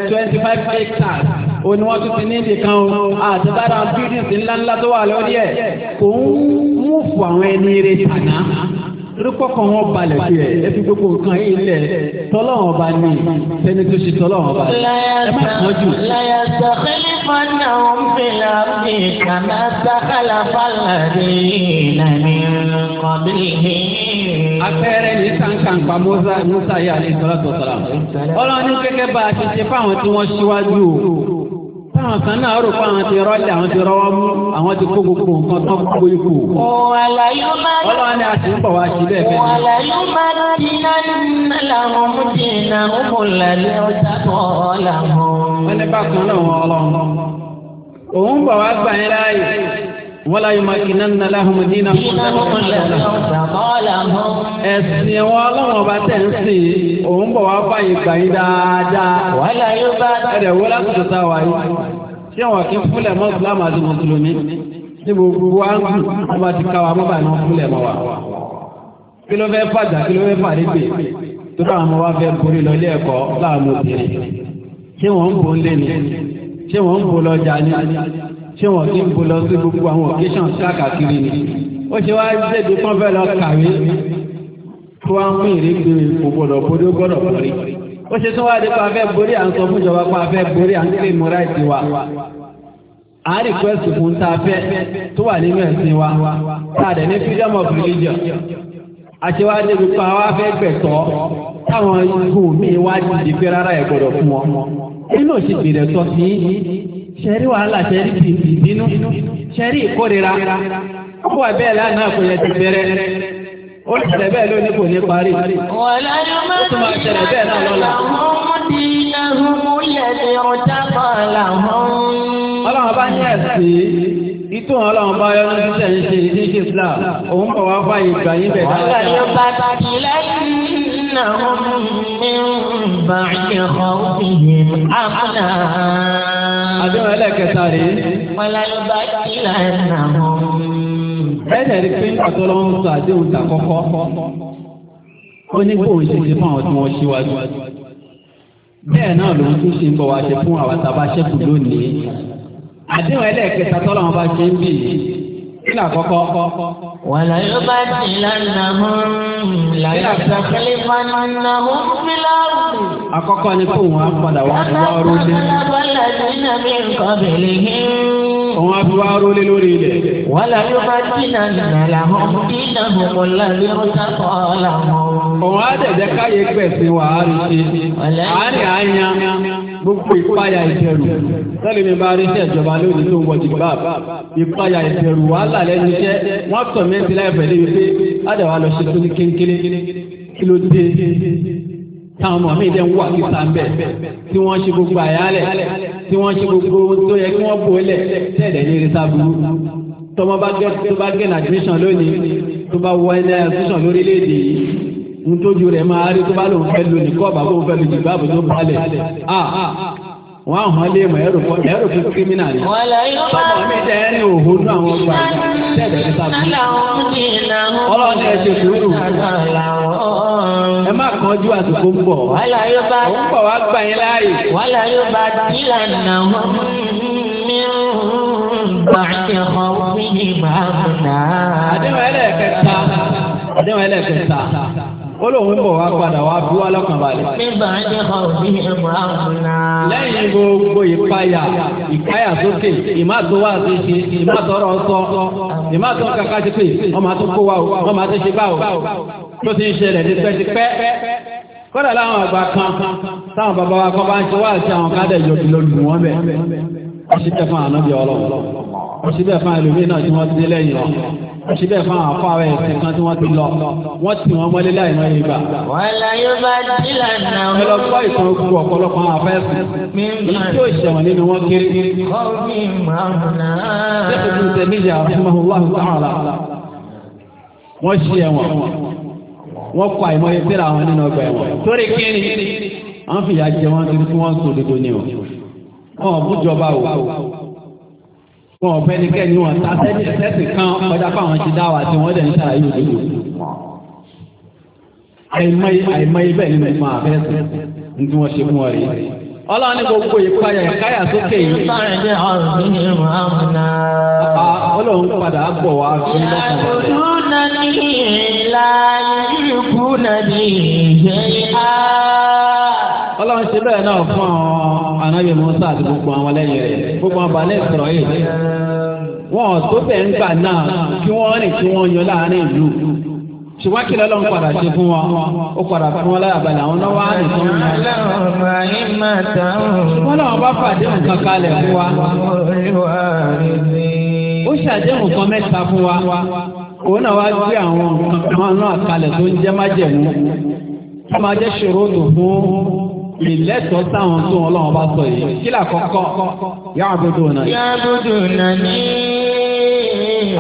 B: twenty five hectares òní wọ́n tún ti ní ìdìkan o àti dára bídìsì ńláńlá tó wà lórí ẹ̀ kò ń mú fún àwọn ẹni rí tàná rúpọ̀kọ̀ wọn balẹ̀ sí ẹ̀ ẹ fi gbogbo nǹkan yìí lẹ̀ tọ́lọ́wọ́n bá tó ṣe tọ́lọ́wọ́n bá ní ẹ kàn jù.
A: láyà sàkẹ́lì fọ́nà òun fìlà òbí kàmá sàkàlà fàlàdé ìlànà kọ̀bílì.
B: apẹẹrẹ ní kankan pa musa yà ní sọlá tó sọlá. ọlọ́run ní bá a ti ṣe fáwọn tí wọ́n ṣíwájú o. Àwọn kan náà rò pé àwọn ti rọ́lẹ̀, àwọn ti rọ́wọ́ mú, àwọn ti kó gbogbo nǹkan tán kó ipò. Ọlọ́run ni a ti ń bọ̀ wá sí bẹ́ẹ̀ bẹ́ẹ̀. Ọ̀làyún máa ń dínà
A: nínú làwọn mú dínà, Wọ́n ní bákan náà wọ́n ọlọ́run. Òun bọ̀ wá gbà yín láàyè.
B: ولا يمكنن لهم دينهم ẹ̀sìn wọn ọlọ́run ọba tẹ̀ ń sìn òun bọ̀ wá báyìí gbà yín dáadáa ẹ̀rẹ̀ wọlé àtúntò táwa yìí ṣé wọn kí fúnlẹ̀ mọ́ islam àti mùsùlùmí ní gbogbo áńgù wọn bá ti ká wa mọ́bà ní fúnlẹ̀ mọ́ wa kí ló fẹ́ fàjà kí ló fẹ́ fàrígbè tó bá àwọn ọmọ wa fẹ́ borí lọ ilé ẹ̀kọ́ láàmú obìnrin ṣé wọ́n ń bo ń lé ni ṣé wọ́n ń bo lọ́jà ni ṣé wọ́n kí ń bo lọ sí gbogbo àwọn occasion káàkiri ni ó ṣe wá jẹ́bi kán fẹ́ lọ kàwé tó wá ń pín ìrégbè kò ó ṣe tó wá dé pa fẹ́ borí à ń sọ fún wa à ń rìkwẹ́sì fún a fẹ́ tó wà nínú ẹ̀sìn wa tá a dẹ̀ ní freedom of religion àṣewádé gbogbo àwa fẹ́ gbẹ̀tọ́ táwọn igun mi wá dìde pé rárá ẹ̀ gbọ́dọ̀ fún sọ sí wàhálà
C: ó lè ṣẹlẹ̀ bẹ́ẹ̀ lónìí kò ní parí. wọ́n tún máa ṣẹlẹ̀ bẹ́ẹ̀ náà lọ́la.
A: ọlọ́run bá ní ẹ̀sìn
B: ìtò ọlọ́run bá yọ́nú tí tẹ̀ ń ṣe ní ìṣẹ́sílá òun bọ̀ wá fáyé ìgbà yín bẹ̀
A: ẹ̀ẹ́dẹ̀ rí pé ọ̀tọ́lọ́wọ́
B: ń sọ àdéhùn tà ó ní kó ń ṣe ṣe fún àwọn tí wọ́n ṣíwájú
A: bẹ́ẹ̀ náà ló ń
B: tún ṣe ń bọ̀ wá ṣe fún àwọn tá ṣẹ́kù lónìí àdéhùn ẹlẹ́ẹ̀kẹta tọ́lọ́wọ́n bá ṣe ń bì kílà kọ́kọ́. wàlá yóò bá ti lánàá mọ́
A: láyé àtàkẹ́lẹ́ fáná náà ó fi láàrú.
B: Àkọ́kọ́ ni kó wọn padà wá wá rólé.
A: Òun á fi wá rólé lórí ilẹ̀. Wàlá yóò bá jìnnà nàlà hàn dínà mọ̀mọ́ lábẹ́ ọjà kọ́ ọ̀la mọ́. Òun á dẹ̀dẹ̀ káyé gbẹ̀sìn wàhálì ṣe. Àárín àáyán
B: gbogbo ìpáyà ìbẹ̀rù tẹ́lẹ̀ mi bá rí iṣẹ́ ìjọba lónìí tó ń wọ jìbá ìpáyà ìbẹ̀rù wàhálà lẹ́nu iṣẹ́ wọ́n sọ mẹ́tì láìpẹ́ débi pé á dẹ̀ wá lọ ṣe tó ní kéńkéré kí ló dé táwọn ọmọ mi dẹ̀ ń wà kíta ń bẹ̀ tí wọ́n ṣe gbogbo àyálẹ̀ tí wọ́n ṣe gbogbo tó yẹ kí wọ́n bò lẹ̀ tẹ̀lẹ̀ ní irisa burú tọmọ bá gẹ tó bá gẹ nàdírísàn lónìí tó bá wọ ẹni àdírísàn lórílẹ̀ yìí ń tójú rẹ̀ máa rí tó bá lòun fẹ́ lónìí kọ́ bàbá òun fẹ́ lónìí báàbò tó balẹ̀ ah, wọ́n àwọn ilé ìmọ̀ ẹ̀rù fún kírímínà ni ọmọ mi jẹ́ ẹni òhun ní àwọn ọgbà ìjẹ́ẹ̀dẹ̀ ní sábà ọlọ́run ẹ ṣe sùúrù ẹ má kàn àsìkò ń bọ̀ ó ń bọ̀ wá gbà yín láàyè. wàhálà yóò bá dílà náà wọ́n
A: mí bàtí ọ̀hún mi ní bàbá náà. àdéhùn ẹlẹ́ẹ̀kẹta àdéhùn ẹlẹ́ẹ̀kẹta
B: olóhùn bò wá padà wá bí wá lọ́kàn balẹ̀. nígbà ẹni kan ò ní ẹ̀mọ́ àwọn náà. lẹ́yìn gbogbo ìpayà ìpayà sókè ìmátòwá ti ṣe ìmátòrò sọ ìmátòrò kàkà ti pè ọmọ àtúkò wa o ọmọ àtúnṣe bá o tó ti ń ṣẹlẹ̀ tipẹ́tipẹ́
C: kódà láwọn àgbà kan táwọn bàbá wa kan bá ń ṣe wá àti àwọn kádẹ̀ yọ̀bí
B: lólu wọn bẹ̀ ọṣìṣẹ́ fún àná wọ́n ṣe bẹ́ẹ̀ fún àwọn afọ àwọn ẹ̀sìn kan tí wọ́n ti lọ wọ́n ti wọ́n mọ́lé láì mọ́ ìgbà. wàhálà yóò bá dìlà náà. ẹ lọ gbọ́ ìtàn ogun ọ̀pọ̀lọpọ̀ àwọn afọ ẹ̀sìn èyí tí yóò ṣẹ̀wọ̀n nínú wọn kéré. ọ̀gbìn màmúnà. ṣé kò tẹ̀ níjà rahmanahu ta'ala wọ́n wọ́n kọ àìmọye pẹ́lú àwọn nínú ọgbà ẹ̀wọ̀n. wọ́n fìyà wọn ò fẹ́ ní kẹ́ni wọn ta sẹ́sì kan ọjà fáwọn ti dáwà tí wọ́n dẹ̀ ń ṣàlàyé òdodo. àìmọye àìmọye bẹ́ẹ̀ nínú ìmọ̀ abẹ́ ní tí wọ́n ṣe fún ọ rèé. ọlọ́run gbogbo ìpayà ìkáyà sókè yìí. sáré jẹ́ ọ̀rùn mi ní ìmọ̀ àmúná.
A: ọlọ́run padà bọ̀ wá fún lọ́kàn. ìlànà ìlànà ìkú nàbí ìjẹ́ ọlọ́run ṣe bẹ́ẹ̀ náà fún
B: àwọn anábì musa àti gbogbo àwọn lẹ́yìn rẹ̀ gbogbo àwọn balẹ̀ sọ̀rọ̀ yìí wọn tó bẹ̀ ń gbà náà kí wọ́n rìn kí wọ́n yan láàrin ìlú ṣùgbọ́n kí lọ́lọ́ ń padà ṣe fún wọn ó padà fún wọn láyàbalẹ̀ àwọn náà wá nìkan wọn. ṣùgbọ́n náà wọ́n bá fàdé nǹkan kalẹ̀ fún wa
A: ó ṣàdéhùn kan mẹ́ta fún wa òun náà wá gbé àwọn nǹkan náà kalẹ̀ tó ń jẹ́
B: májẹ̀mú ọmọ ajẹ́ ṣòro dùn fún ìlẹ́tọ̀ sáwọn tó wọn lọ́wọ́ bá sọ yìí kí làkọ́kọ́ ya'buduna náà. ya'buduna ní.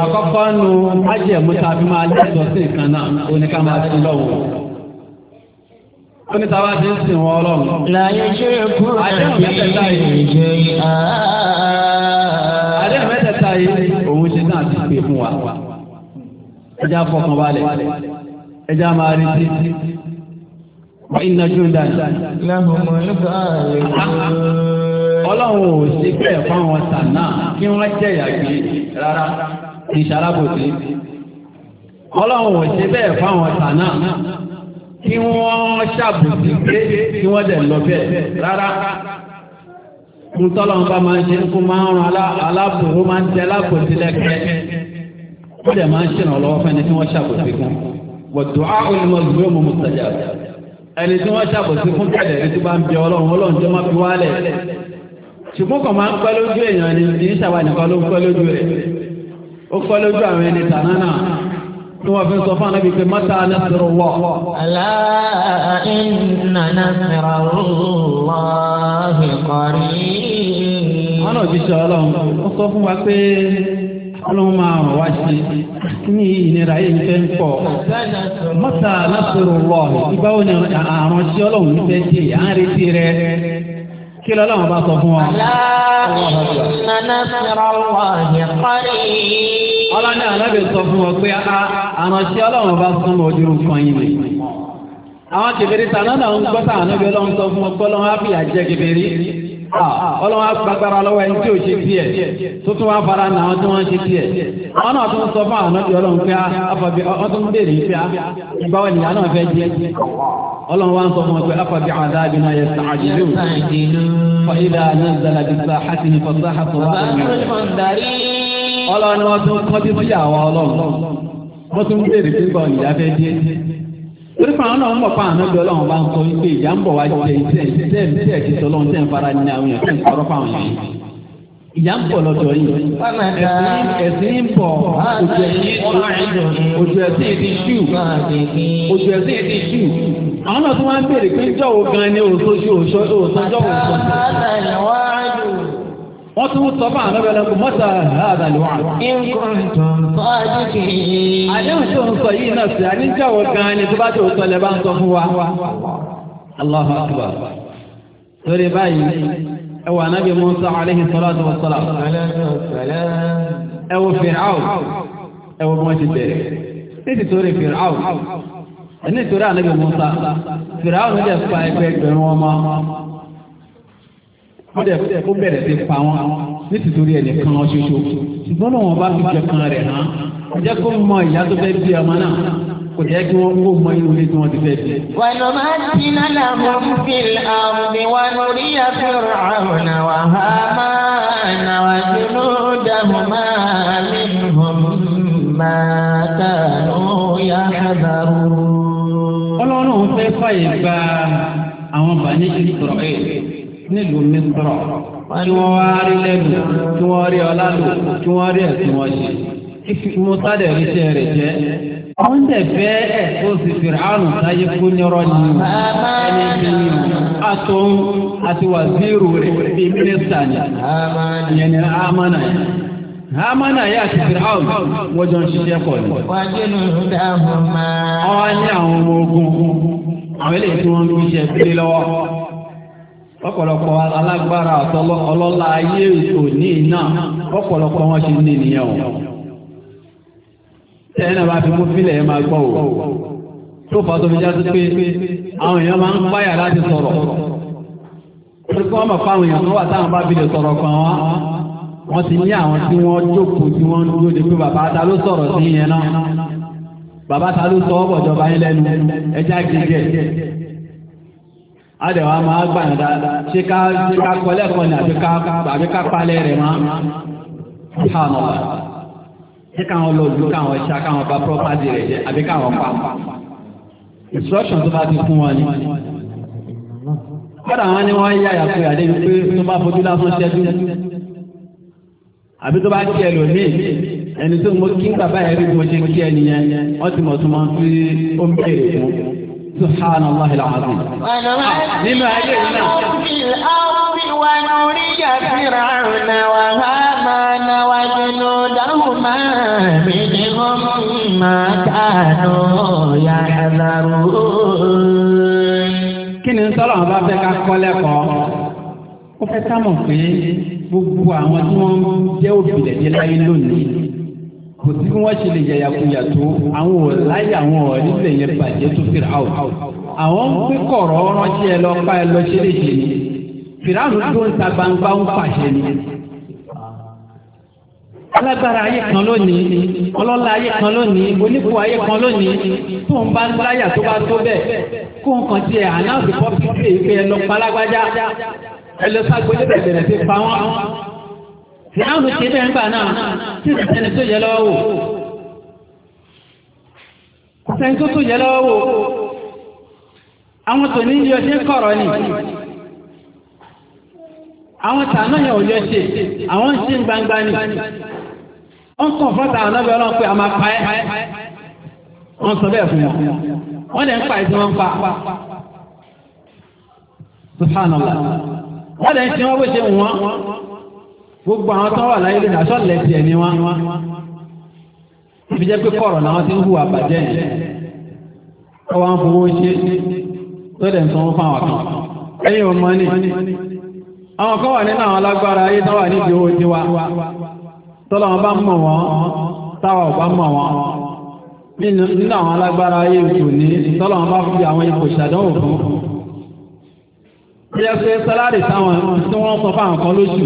B: àkọ́kọ́ nu májẹ̀mú tàbí máa lẹ́tọ̀ sí nǹkan náà oníkà máa ti lọ́wọ́. oníta bá ti ń sìn wọn ọlọ́run. láyé ṣe kú àdéhùn mẹ́tẹ̀ẹ̀ta yìí. àdéhùn mẹ́tẹ̀ẹ̀ta yìí òun ṣe náà ti pè fún wa. ẹja fọkànbalẹ̀ ẹja máa rí títí. وإن جندا لهم الغالبون ọlọ́run ò sí bẹ́ẹ̀ fáwọn sànà kí wọ́n jẹ̀yà gbé rárá ìṣàlábòsí ọlọ́run ò sí bẹ́ẹ̀ fáwọn sànà kí wọ́n ṣàbòsí gbé kí wọ́n dẹ̀ lọ bẹ́ẹ̀ rárá mo tọ́lọ́run bá máa ń ṣe kó máa ń ran aláàbòrò máa ń tẹ aláàbòsí lẹ́kẹ́ ó dẹ̀ máa ń ṣèrànlọ́wọ́ fẹ́ni tí wọ́n ṣàbòsí fún wọ́n dùn á olùmọ̀ ìgbé òmùmù sàjà ẹni tí wọ́n ṣàbòsí fún kẹ̀lẹ̀ ní tí bá ń bí ọlọ́run ọlọ́run tó máa fi wálẹ̀ ṣùgbọ́n kọ̀ máa ń pẹ́ lójú èèyàn ni kì nìkan ló ń pẹ́ lójú rẹ̀ ó pẹ́ lójú àwọn ẹni tàná náà tí wọ́n fi sọ fún anábì pé mọ́tà nẹ́sẹ̀rọ̀ wọ̀.
A: alá iná nẹ́sẹ̀rọ̀ lọ́ọ̀hìn kọrin. wọ́n náà
B: ọlọ́run máa ràn wá ṣe ní ìnira yìí fẹ́ ń pọ̀
C: mọ́tà lásìrò rọ̀ ìgbà wo ni àrùn ṣe ọlọ́run ní fẹ́ ṣe
B: à ń retí rẹ kí lọ́lọ́run bá sọ fún wa. nana sọ̀rọ̀ wà ní parí.
A: ọlọ́ni alábẹ̀ sọ fún ọ pé àrùn ṣe
B: ọlọ́run bá Ah, ọlọ́wọ́ agbára lọ́wọ́ ẹni tí ò ṣe tiẹ̀ tó tún wá fara náà tí wọ́n ṣe tiẹ̀ wọn náà tún sọ fún àwọn ọ̀dọ́ ọlọ́run pé ah, afọ̀bí ọtún béèrè pé ah, ìgbà wọn nìyà náà fẹ́ jẹ́ ọlọ́run wá ń sọ fún wọn pé afọ̀bí àdáàbí náà yẹ sàájìlú fọ́ìdà náà zalabi sàhátì ní fọ́sáhàtọ̀ wà ọlọ́run wọn tún kọ́ torí fún àwọn ọmọ fún àwọn ọmọdé ọlọ́run bá ń sọ wípé ìyá ń bọ̀ wá jẹ iṣẹ́ iṣẹ́ iṣẹ́ ti sọ lọ́run tẹ́ ń fara ní àwọn èèyàn tẹ́ ń sọ̀rọ̀ fáwọn yìí ìyá ń bọ̀ lọ́dọ̀ yìí ẹ̀sìn ń bọ̀ ojú ẹ̀sìn ti ṣù ojú ẹ̀sìn ti ṣù àwọn náà tún wá ń béèrè pé jọ́wọ́ gan ni òṣojú òṣojú òṣojú òṣojú wọ́n tún sọ fún àwọn ẹlẹ́gbẹ̀ẹ́ mọ́tà àdàlùwà.
A: ìkùntùn sọ́ọ́dún kì í. àdéhùn tó ń sọ yìí náà sí àníjàwọ̀ gan-an ni tó bá tó sọ lẹ́ bá ń sọ
B: fún wa. Allahu akbar. lórí mọ́ ti bẹ̀rẹ̀. títí torí Fir'aun
C: ẹni torí ànábì Musa Fir'aun ló jẹ́ fà ẹgbẹ̀rún ọmọ
B: wọ́n dẹ̀ ó bẹ̀rẹ̀ sí pa wọn ní tìtorí ẹ̀ nìkan ṣoṣo ṣùgbọ́n náà wọ́n bá fi jẹ kan rẹ̀ hàn kò jẹ́ kó mọ ìyá tó fẹ́ bí ọmọ náà kò jẹ́ kí wọ́n kó mọ inú ilé tí wọ́n ti fẹ́ bí.
A: wàlọ́ máa ti ná làmú fìl àmì wa lórí àfihàn àwọn àwọn àmà àwọn àjùlọ dàmú máa mi hàn máa tànú yá hàbàrú.
B: ọlọ́run fẹ́ fàyè gba àwọn bàní ìsọ̀rọ̀ ẹ̀ nílùú mísírọ̀ wọ́n ní wọ́n wá rí lẹ́nu tí wọ́n rí ọlá lò tí wọ́n rí ẹ̀sìn wọn ṣe kí musa dẹ̀ rí iṣẹ́ rẹ̀ jẹ́ àwọn dẹ̀ bẹ́ ẹ̀ tó sì fìrì àrùn sáyé kú nírọ̀ ni ẹni tí atún àti wàzírù rẹ̀ bíi mínísítà ni ìyẹn ni amánà yìí hamana yà àti firaun wọ́n jọ ń ṣiṣẹ́ pọ̀ ní. wàjúlù
A: dáhùn máa.
B: ogun àwọn eléyìí tí wọ́n ń fi ṣe ọ̀pọ̀lọpọ̀ alágbára ọlọ́lá ayé òní náà ọ̀pọ̀lọpọ̀ wọn ti ní nìyẹn o tẹ́ẹ̀nà bá fi mú fílẹ̀ ẹ máa gbọ́ o tó fà tó fi já sí pé àwọn èèyàn máa ń páyà láti sọ̀rọ̀ orúkọ ọmọ fáwọn èèyàn tó wà táwọn bá bilẹ̀ sọ̀rọ̀ kan wá wọ́n ti ní àwọn tí wọ́n jókòó tí wọ́n dúró de pé bàbá ta ló sọ̀rọ̀ sí yẹn náà bàbá ta ló sọ ọ́ bọ̀jọba yín lẹ́nu ẹja àdẹ̀wà máa gbà yàn dáadáa ṣé ká
C: ṣe ká kọ́ lẹ́kọ̀ọ́ ni àbí ká àbí ká palẹ̀ rẹ̀ máa hànà wà
B: ṣé káwọn lọ dúró káwọn ṣá káwọn bá property rẹ̀ jẹ́ àbí káwọn pa instruction tó bá ti fún wọn ni. kọ́dà wọn ni wọ́n yá yàtọ̀ yàdé wípé tó bá fojú lásán ṣẹ́jú àbí tó bá kí ẹ lòmíì ẹni tó mú kí bàbá yẹn rí bí mo ṣe kí ẹ nìyẹn wọ́n ti mọ̀ tó máa fi ó ń bèrè fún. Subhana Allah al-Azim. Nínú ayé yìí náà. ونري فرعون وهامان وجنودهما منهم ما
A: كانوا يحذرون kí ni sọ́lọ́ ọba fẹ́ ká kọ́ lẹ́kọ̀ọ́
B: ó fẹ́ ká mọ̀ pé gbogbo àwọn tí wọ́n jẹ́ òbílẹ̀ dé láyé lónìí kò sí bí wọ́n ṣe lè yàyàkuyà tó àwọn ò láyé àwọn ọ̀rí lè yẹ bàjẹ́ tó fìrà áwò. àwọn ń pín kọ̀rọ̀ ránṣẹ́ ẹ lọ pa ẹ lọ ṣe lè ni tó ń ta gbangba ń pàṣẹ ni.
A: alágbára ayé
B: kan lónìí ọlọ́lá ayé kan lónìí onípò ayé kan lónìí tó ń bá tó bá tó bẹ́ẹ̀ fìyàwó ṣe bẹ́ẹ̀ nígbà náà tí ìsẹ̀ni tó yẹ lọ́wọ́ wò kò sẹ́ni tó tó yẹ lọ́wọ́ wò àwọn tòní yọ ṣe kọ̀rọ̀ ni àwọn tààmà yẹn ò yọ ṣe àwọn ń ṣe gbangba ni wọ́n kàn fọ́ta ànábẹ́ ọlọ́run pé a máa pa ẹ́ wọ́n sọ bẹ́ẹ̀ fún wọn wọ́n lè ń pa ìdí wọn pa subhanallah wọ́n lè ń ṣe wọ́n bó ṣe wọ́n gbogbo àwọn tó wà láyé lónìí aṣọ lẹ́sì ẹ̀ ni wọ́n fi jẹ́ pé kọ̀rọ̀ làwọn ti ń hùwà bàjẹ́ yẹn kọ́ wa ń fowó ṣe tó dẹ̀ ń sanwó fáwọn kan ẹ̀yìn ọmọ ni àwọn kan wà nínú àwọn alágbára ayé tó wà nídìí owó tiwa tọ́lọ́ wọn bá mọ̀ wọ́n táwa ò bá mọ̀ wọ́n nínú àwọn alágbára ayé òtò ní tọ́lọ́ wọn bá fi àwọn ipò ìṣàdánwò fún bí ẹ pé sálárì táwọn tí wọ́n sọ fáwọn kan lóṣù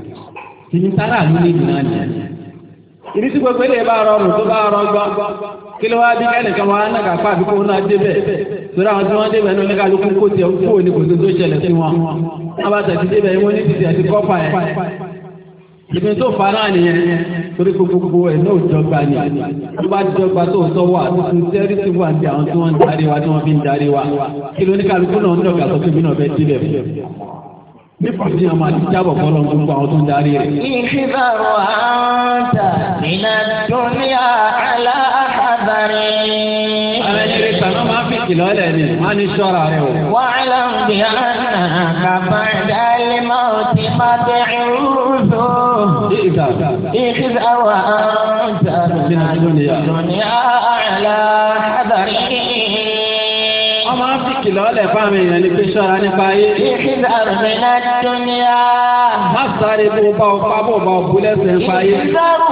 B: tìmí sára ló ní ìdùnnà ni. ìdí tí gbogbo èdè bá rọrùn tó bá rọ gbọ́ kí ló wá bí kẹ́nìkan wá náà kà fáàbí kó náà débẹ̀ torí àwọn tí wọ́n débẹ̀ náà lẹ́ka lókun kó tiẹ̀ kó ní kò tó tó ṣẹlẹ̀ sí wọn. wọ́n bá tẹ̀sí débẹ̀ wọ́n ní títì àti kọ́pà ẹ̀. ìpín tó fa náà nìyẹn torí gbogbo ẹ̀ náà jọgba ni tó bá jọgba tó sọ wà tuntun tẹ́rí sí wà ní àwọn tí wọ́n ń darí wa tí wọ́n fi ń darí wa kí ló nípasẹ̀ àwọn àti jábọ̀ fọlọ́ tó gba darí rẹ̀.
A: ìṣìbàrò àǹtà iná dúnìá aláàbàrẹ̀. àwọn ẹni rẹ̀ sànà máa fi
B: kìlọ̀ ẹ̀ lẹ́ni máa ní sọ́ra rẹ̀ o.
A: wàhálà ń bí àná kàfà dálé máa ti máa bẹ̀ ẹ̀rúzọ.
B: ìṣìbàrò àǹtà iná dúnìá
A: aláàbàrẹ̀
B: kìlọ̀ ọ̀lẹ̀ fáwọn èèyàn ní pé ṣọ́ra nípa ayé. ìṣìṣẹ́ àrùnmínà dúnìá. má sáré tó bá ọ pa bò bá ọ bú lẹ́sẹ̀ nípa ayé. ìṣàrù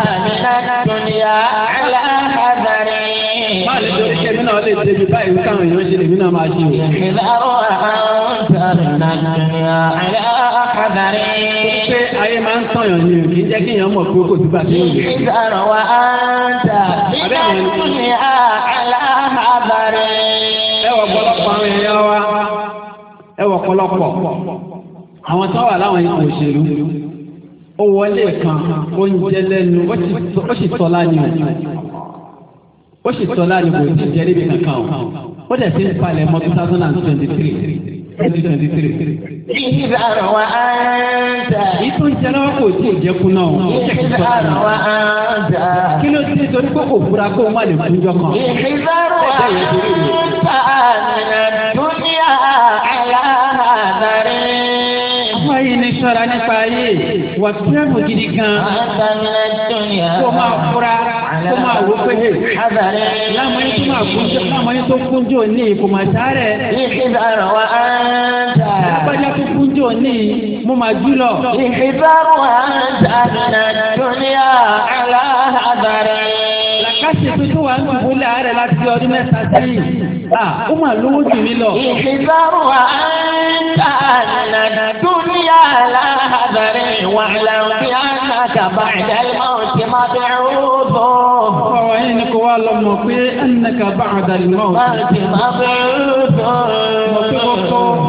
A: àrùnmínà dúnìá aláàbàrẹ̀. má
B: lè torí kẹ́mi náà lè débi báyìí káwọn èèyàn ṣe lèmi náà máa ṣe o. ìṣàrù àrùnmínà dúnìá aláàbàrẹ̀. pé ayé máa ń tọ̀yàn ọ̀pọ̀lọpọ̀ àwọn tó wà láwọn ipò òṣèlú ó wọlé kan oúnjẹ lẹ́nu ó sì tọ́lá ni ó sì tọ́lá ni kò sí jẹ́ níbi kankan o ó dẹ̀ fi ń palẹ̀ mọ́ two thousand and kò tí ì jẹ́kun náà. Ìyíba àrùn Kí ló dé torí pé kò fura kó má lè fúnjọ kan? Ìyíba àrùn nípa ayé wà fíìmù gidi gan. kó máa fura kó máa wò pé láwọn ẹni tó máa kún jọ láwọn tó kún ní ìkùmọ̀ sáré. wa á ń ta. tó kún ní mo máa jù lọ. ìṣèbára wa á ń ta nínú dúníà aláàbàrẹ̀
A: káṣí tó wà ń dùbò láàárẹ̀ láti ọdún mẹ́ta sẹ́yìn. ó mà lówó jù mí lọ. ìṣèjọ́rò àǹtà nàdúró. نذر واعلم بأنك بعد الموت مبعوث
B: وإنك ولم أنك بعد الموت مبعوث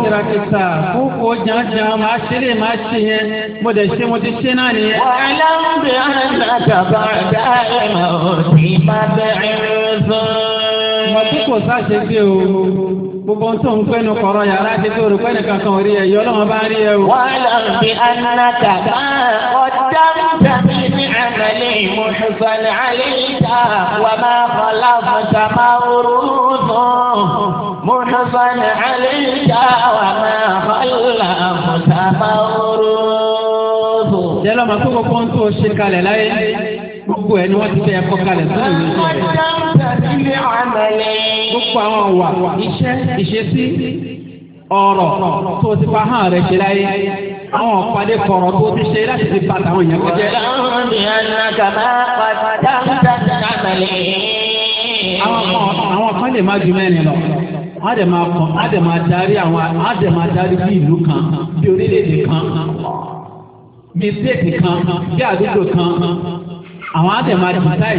B: kìràkìtà kókó jàǹjàǹ máa ṣeré máa ṣe yẹn mo dẹ̀ ṣe mo ti ṣe náà nìyẹn. wàhálà ń bẹ àgbàgbà bàbá máa ò sí bá
A: bẹ̀rẹ̀ sọ.
B: mo ti kò sáṣe bí o gbogbo tó ń pẹ́nu kọ̀rọ̀ yàrá ti tó rò pẹ́nu kankan orí ẹ̀ yọ lọ́wọ́ bá rí ẹ o. wọ́n lọ bí anáta
A: ọ̀dà tàbí ní àmàlẹ́ ìmọ̀sánà àlẹ́yìíta wà máa kọ́lá fọ́tà máa rú nù. mọ̀sánà àlẹ́yìíta wà máa kọ́lá fọ́tà máa rú
B: nù. jẹ́lọ́ màá tó gbogbo tó ṣe kalẹ̀ láyé. gbogbo ẹ̀ ni wọ́n ti fẹ ẹ̀kọ́ kalẹ̀ sínú ìlú gbogbo àwọn wà iṣẹ́ ìṣesí ọ̀rọ̀ tó ti fa hàn rẹ̀ ṣe láyé àwọn ọ̀pàdé kọ̀rọ̀ tó ti ṣe láti fi bàtà àwọn èèyàn kọjá.
C: àwọn kan lè má ju mẹ́rin lọ wọ́n á dẹ̀ máa á dẹ̀ máa darí àwọn á dẹ̀ máa darí bí ìlú kan bí orílẹ̀-èdè kan
B: bí kan bí àdúgbò kan. àwọn àtẹ̀má dìtáì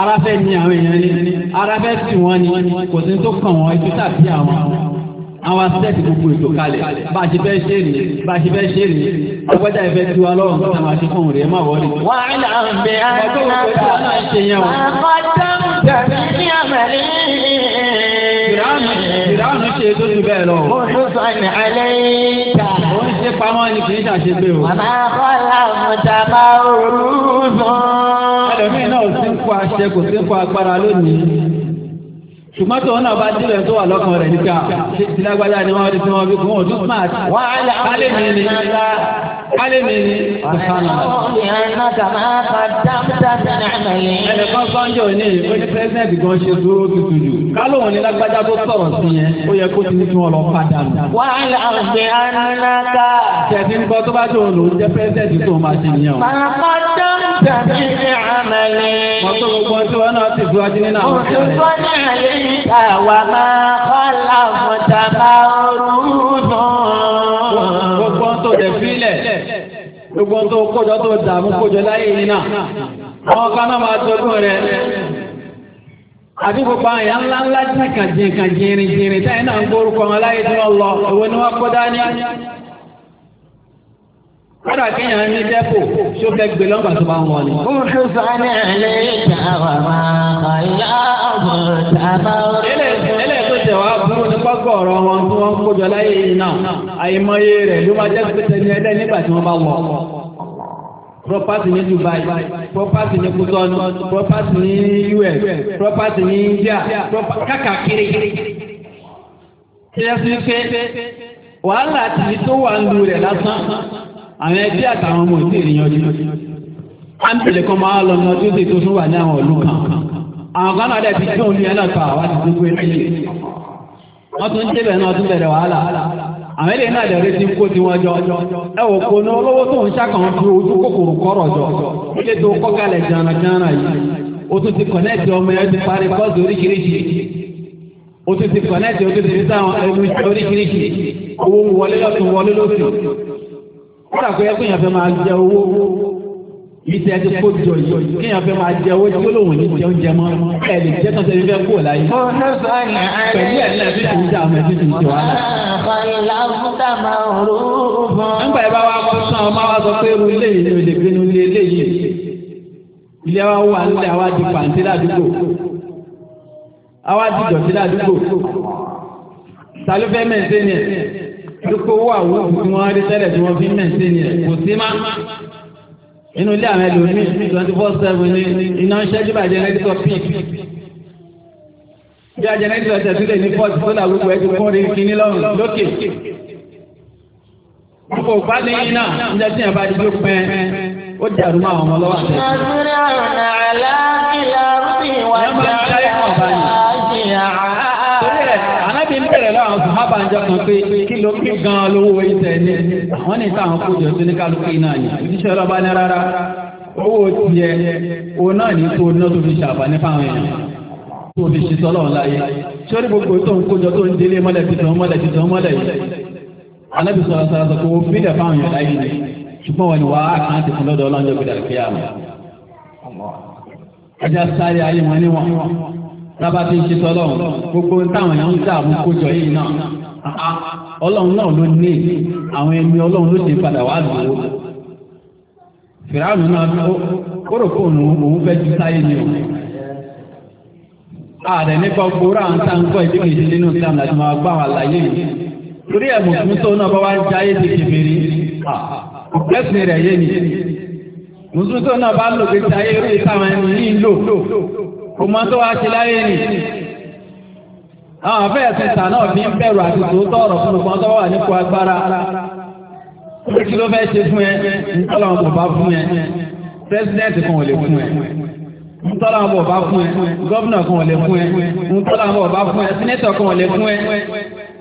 B: ara fẹ́ ní àwọn èèyàn ní ara fẹ́ tì wọ́n ní kò sí tó kàn wọ́n ètò tàbí àwọn àwọn asẹ́ẹ̀tì gbogbo ètò kalẹ̀ bá a ṣe fẹ́ ṣe rèé bá a ṣe fẹ́ ṣe rèé ọgbẹ́dà ìfẹ́ tí wa lọ́wọ́ nǹkan máa ṣe fún rèé má wọlé. wà á là bẹ àgbàdo ṣe yẹn wọn. àkọ́tàn ní àmàlẹ́. ìránù ṣe tó ti bẹ́ẹ̀ lọ. mo tún sọ ní alẹ́ yìí pamọ́ ni kì í ṣàṣe pé o. Màmá kọ́lá mọ̀tà máa rú sọ. Ẹlòmíì náà sí ń kó aṣẹ kò sí ń kó agbára lónìí. Ṣùgbọ́n náà bá dílẹ̀ tó wà lọ́kàn rẹ̀ níta. Ṣé ìdílágbájá ni wọ́n ti fi wọn fi kún òdún máa tà? Wàhálà ọ̀hún ni wọ́n ń
A: Kálí mi ni. Ẹnìkan
B: sọ́njọ́ ní ìwé ní gan ṣe dúró tutù jù. Káló òun ni lágbájá tó sọ̀rọ̀ sí yẹn. Ó yẹ kó ti ní kí wọ́n lọ padà nù. Wàhálà ọ̀gbìn Anáka. Tẹ̀sí ń kọ́ tó bá tóun lòún jẹ́ pírẹ́sìdẹ̀ntì tó máa ṣe yẹn o. Màmá
A: dọ́ńtà mi ní àmàlẹ́. Mọ̀tò gbogbo
B: ọtí wọn náà ti dúró nínú àwọn ọ̀sẹ̀ Òṣùpọ̀ náà lè ní gbogbo tó kójọ tó dàmú kójọ láyé nínà àwọn kaná máa tọ́gbọ́n rẹ̀
C: àti gbogbo àyà ńlá ńlá tí kàn jìn kàn
B: jìnrìn jìnrìn táyé náà ń gbórúkọ wọn láyé tí lọ òwe ni wọ́n kó dání kódà kéèyàn ní dẹ́pò tí ó fẹ́ gbé lọ́gbà tó bá ń wọlé. oṣù sani ẹlẹ́ ìjà wà
A: máa kọ̀ yá ọ̀gbọ̀n tàbá orí.
B: pọ́pọ̀ ọ̀rọ̀ wọn tí wọ́n kójọ láyé yìí náà àìmọye rẹ̀ ló máa jẹ́ pẹ́tẹ́ ní ẹlẹ́ nígbà tí wọ́n bá wọ̀ property ní Dubai property ní kutọ́nù property ní US property ní India kákàkiri kílẹ̀ sí pé wàhálà tìlí tó wà ń lu rẹ̀ lásán àwọn ẹbí àtàwọn ọmọ àǹtẹ̀lẹ̀ kan máa lọ ní ọdún tó tún wà ní àwọn ìlú kan àwọn kan náà dẹ̀ ti dùn ní ẹ̀ wọ́n tún débẹ̀ náà tún bẹ̀rẹ̀ wàhálà àwọn ilé náà kó tí wọ́n jọ ẹwọ̀ kò ní olówó tó ń ṣàkàn fi ojú kòkòrò kọ́rọ̀ jọ ilé tó yìí ó tún ti kọ̀nẹ́ẹ̀tì ọmọ ti parí kọ́ọ̀sì oríṣiríṣi ó tún ti kọ̀nẹ́ẹ̀tì ó tún ti ẹnu oríṣiríṣi owó wọlé lọ́tún wọlé lọ́tún ìṣe ẹni kó jọ yìí kéèyàn fẹ́ máa jẹ owó tí ó lòun ní jẹ oúnjẹ mọ́ ẹ jẹ́ tán tẹ́lẹ̀ fẹ́ kú ọ̀la yìí. pẹ̀lú ẹ̀ náà fi kìí dáhùn ẹ̀ títí ìjọ wa.
A: nígbà yẹn bá wá kó sàn ọmọ wa sọ pé
B: ilé yìí ni olè gbé ilé ilé yìí. ilé wa wà nílẹ̀ àwa di pàǹtí ládùúgbò. àwa di dọ̀tí ládùúgbò. ta ló ẹ̀? dúpọ̀ owó àwòrán tí wọ́n rí tẹ́lẹ̀ tí wọ́n fi mẹ́ǹtẹ́ni ẹ̀ kò sí má inú ilé àwọn ẹlòmíì twenty four seven ní iná ń ṣẹ́jú bá jẹnẹtọ̀ pík bí a jẹnẹtọ̀ tẹ̀sílẹ̀ ní fọ́ọ̀tì tó là gbogbo ẹ̀jú fún orí kìíní lọ́rùn lókè kò bá ní iná ń jẹ́ sí ẹ̀ bá di bí ó dàrú mọ́ àwọn ọmọ lọ́wọ́ àtẹ̀sílẹ̀. bá ń jọ kan pé kí ló kí gan lówó ìtẹ̀ ní àwọn ní ìta àwọn kójọ tó ní kálukú iná ni ìṣẹ́ ọlọ́ba ní rárá owó tiẹ̀ o náà ní tó náà tó fi ṣàbà ní fáwọn èèyàn tó fi ṣe sọ́lọ́ láyé sórí gbogbo tó ń kójọ tó ń délé mọ́lẹ̀ títàn mọ́lẹ̀ títàn mọ́lẹ̀ yìí alábìsọ̀rọ̀ sọ̀rọ̀ sọ̀rọ̀ kó fi dẹ̀ fáwọn èèyàn láyé ṣùgbọ́n tábà tí ń ṣe gbogbo táwọn èèyàn ń dààmú kójọ yìí náà ọlọ́run náà ló ní àwọn ẹni ọlọ́run ló ṣe padà wá lò ó fìràánù náà òun fẹ́ sáyé ni o ààrẹ nípa gbòòrò àwọn tá à ń kọ́ ìdí kejì nínú Islam láti máa yìí torí ẹ̀ mùsùlùmí tó náà bá wá ń ti ni mùsùlùmí tó náà bá lò pé rí kò mọ́ tó wá ṣe láyé nì àwọn afẹ́ ẹ̀sìn náà ní bẹ̀rù àti tòótọ́ ọ̀rọ̀ fún ọgbọ́n tó wà nípò agbára kí ló fẹ́ ṣe fún ẹ nítọ́lá wọn bọ̀ fún ẹ pírẹsidẹ́ǹtì kan ò lè fún ẹ nítọ́lá wọn bọ̀ fún ẹ gọ́vnà kan ò lè fún ẹ nítọ́lá wọn bọ̀ fún ẹ sínétọ̀ kan ò lè fún ẹ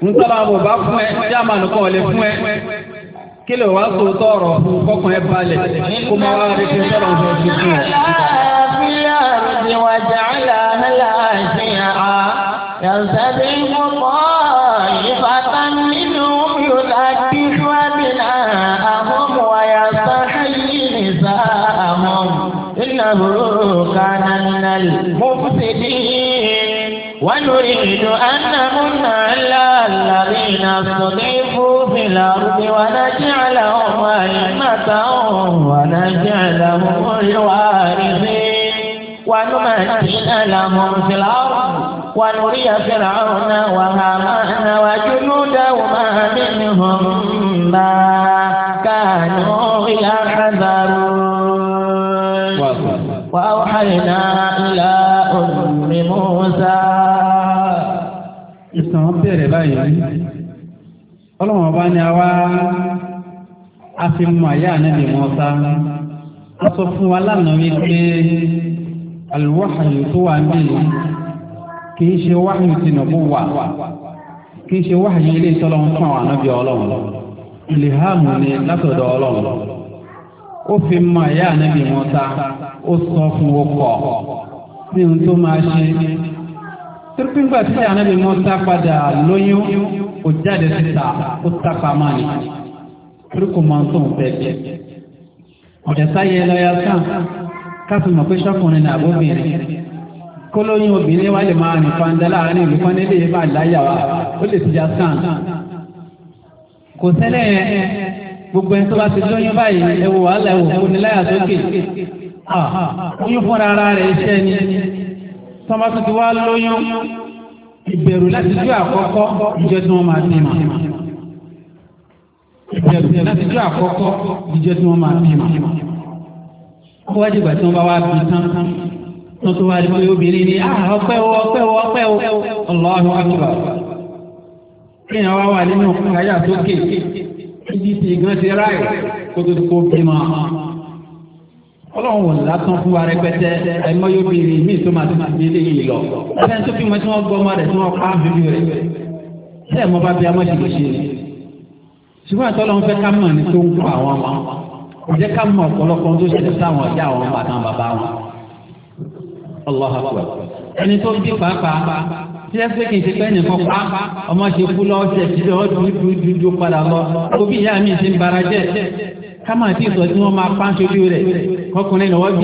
B: nítọ́lá wọn bọ̀ fún ẹ jámánù kan ò lè fún ẹ kí ló wá tòótọ́ ọ̀rọ̀ fún kọ́kàn ẹ balẹ̀ kó máa wá rí fi ń tọ́lá
A: wọn bọ̀ ونريد أن نمن على الذين استضعفوا في الأرض ونجعلهم أئمة ونجعلهم الوارثين ونمكن لهم في الأرض ونري فرعون وهامان وجنودهما منهم ما كانوا يحذرون وأوحينا إلى أم موسى
B: báyìí ọlọ́run ọba ni àwa a fi mọ àyà ànábì Mùsá a sọ fún wa lánàá wípé àlùwàhàyè tó wà nílùú kì í ṣe wáhàyè bó wà kì í ṣe wáhàyè ilé ìtọ́lọ́run fún àwọn ànábì Ilé ìlèhàmù ni látọ̀dọ̀ ó fi àyà Tirpin gbà tí àná lè mọ́ sá padà lóyún kò jáde síta ó sá pamọ́ ni. Tirkù máa ń tó nǹkan ẹ̀jẹ̀. Ọ̀dẹ̀sá yẹ lọ́yà sàn káfí mọ̀ pé sọ́kùnrin ní àbóbìnrin. Kólóyún obìnrin wá lè máa rìn fanda láàárín ìlú kan nílé bá láyà wa ó lè ti já sàn. Kò sẹ́lẹ̀ gbogbo ẹni tó bá ti lóyún báyìí ẹ wo wàhálà ẹ wò fún ni láyà sókè. Oyún fúnra ara rẹ̀ iṣẹ́ ni tọ́mọ́tún ti wá lóyún ìbẹ̀rù láti jọ àkọ́kọ́ ìjẹ́ tí wọ́n máa tẹ̀mà ìbẹ̀rù láti jọ àkọ́kọ́ ìjẹ́ tí wọ́n máa tẹ̀mà ó wájú ìgbà tí wọ́n bá wá bí tán tó tó wá rí pé obìnrin ni ah, ọpẹ́ o ọpẹ́ o ọpẹ́ o Allahu akbar kéèyàn wá wà nínú káyà sókè ibi tí gan ti ráì kó tó ti kó bímọ ọlọ́run wò lásán fún wa rẹpẹtẹ ẹ̀mọ́ yóò bèrè mí tó máa tó máa fi lé yìí lọ ẹ̀fẹ́ tó fi wọn tí wọ́n gbọ́ ọmọ rẹ̀ tí wọ́n pa bíbí rẹ̀ ṣé ẹ̀mọ́ bá bí amọ́ ṣèlè ṣe ni ṣùgbọ́n àtọ́lọ́run fẹ́ ká mọ̀ ní tó ń kọ àwọn ọmọ kò jẹ́ ká mọ̀ ọ̀pọ̀lọpọ̀ tó ṣẹlẹ̀ sáwọn ọ̀dẹ́ àwọn bàtà bàbá wọn. ẹni tó bí pàápàá tí ẹ pé kì í ṣe pé ẹnìkan pa ọmọ ṣe kú lọ́ọ́ ṣẹ̀ kámá tí sọ tí wọ́n máa pa ń ṣojú rẹ̀ kọkùnrin lọ́wọ́ bí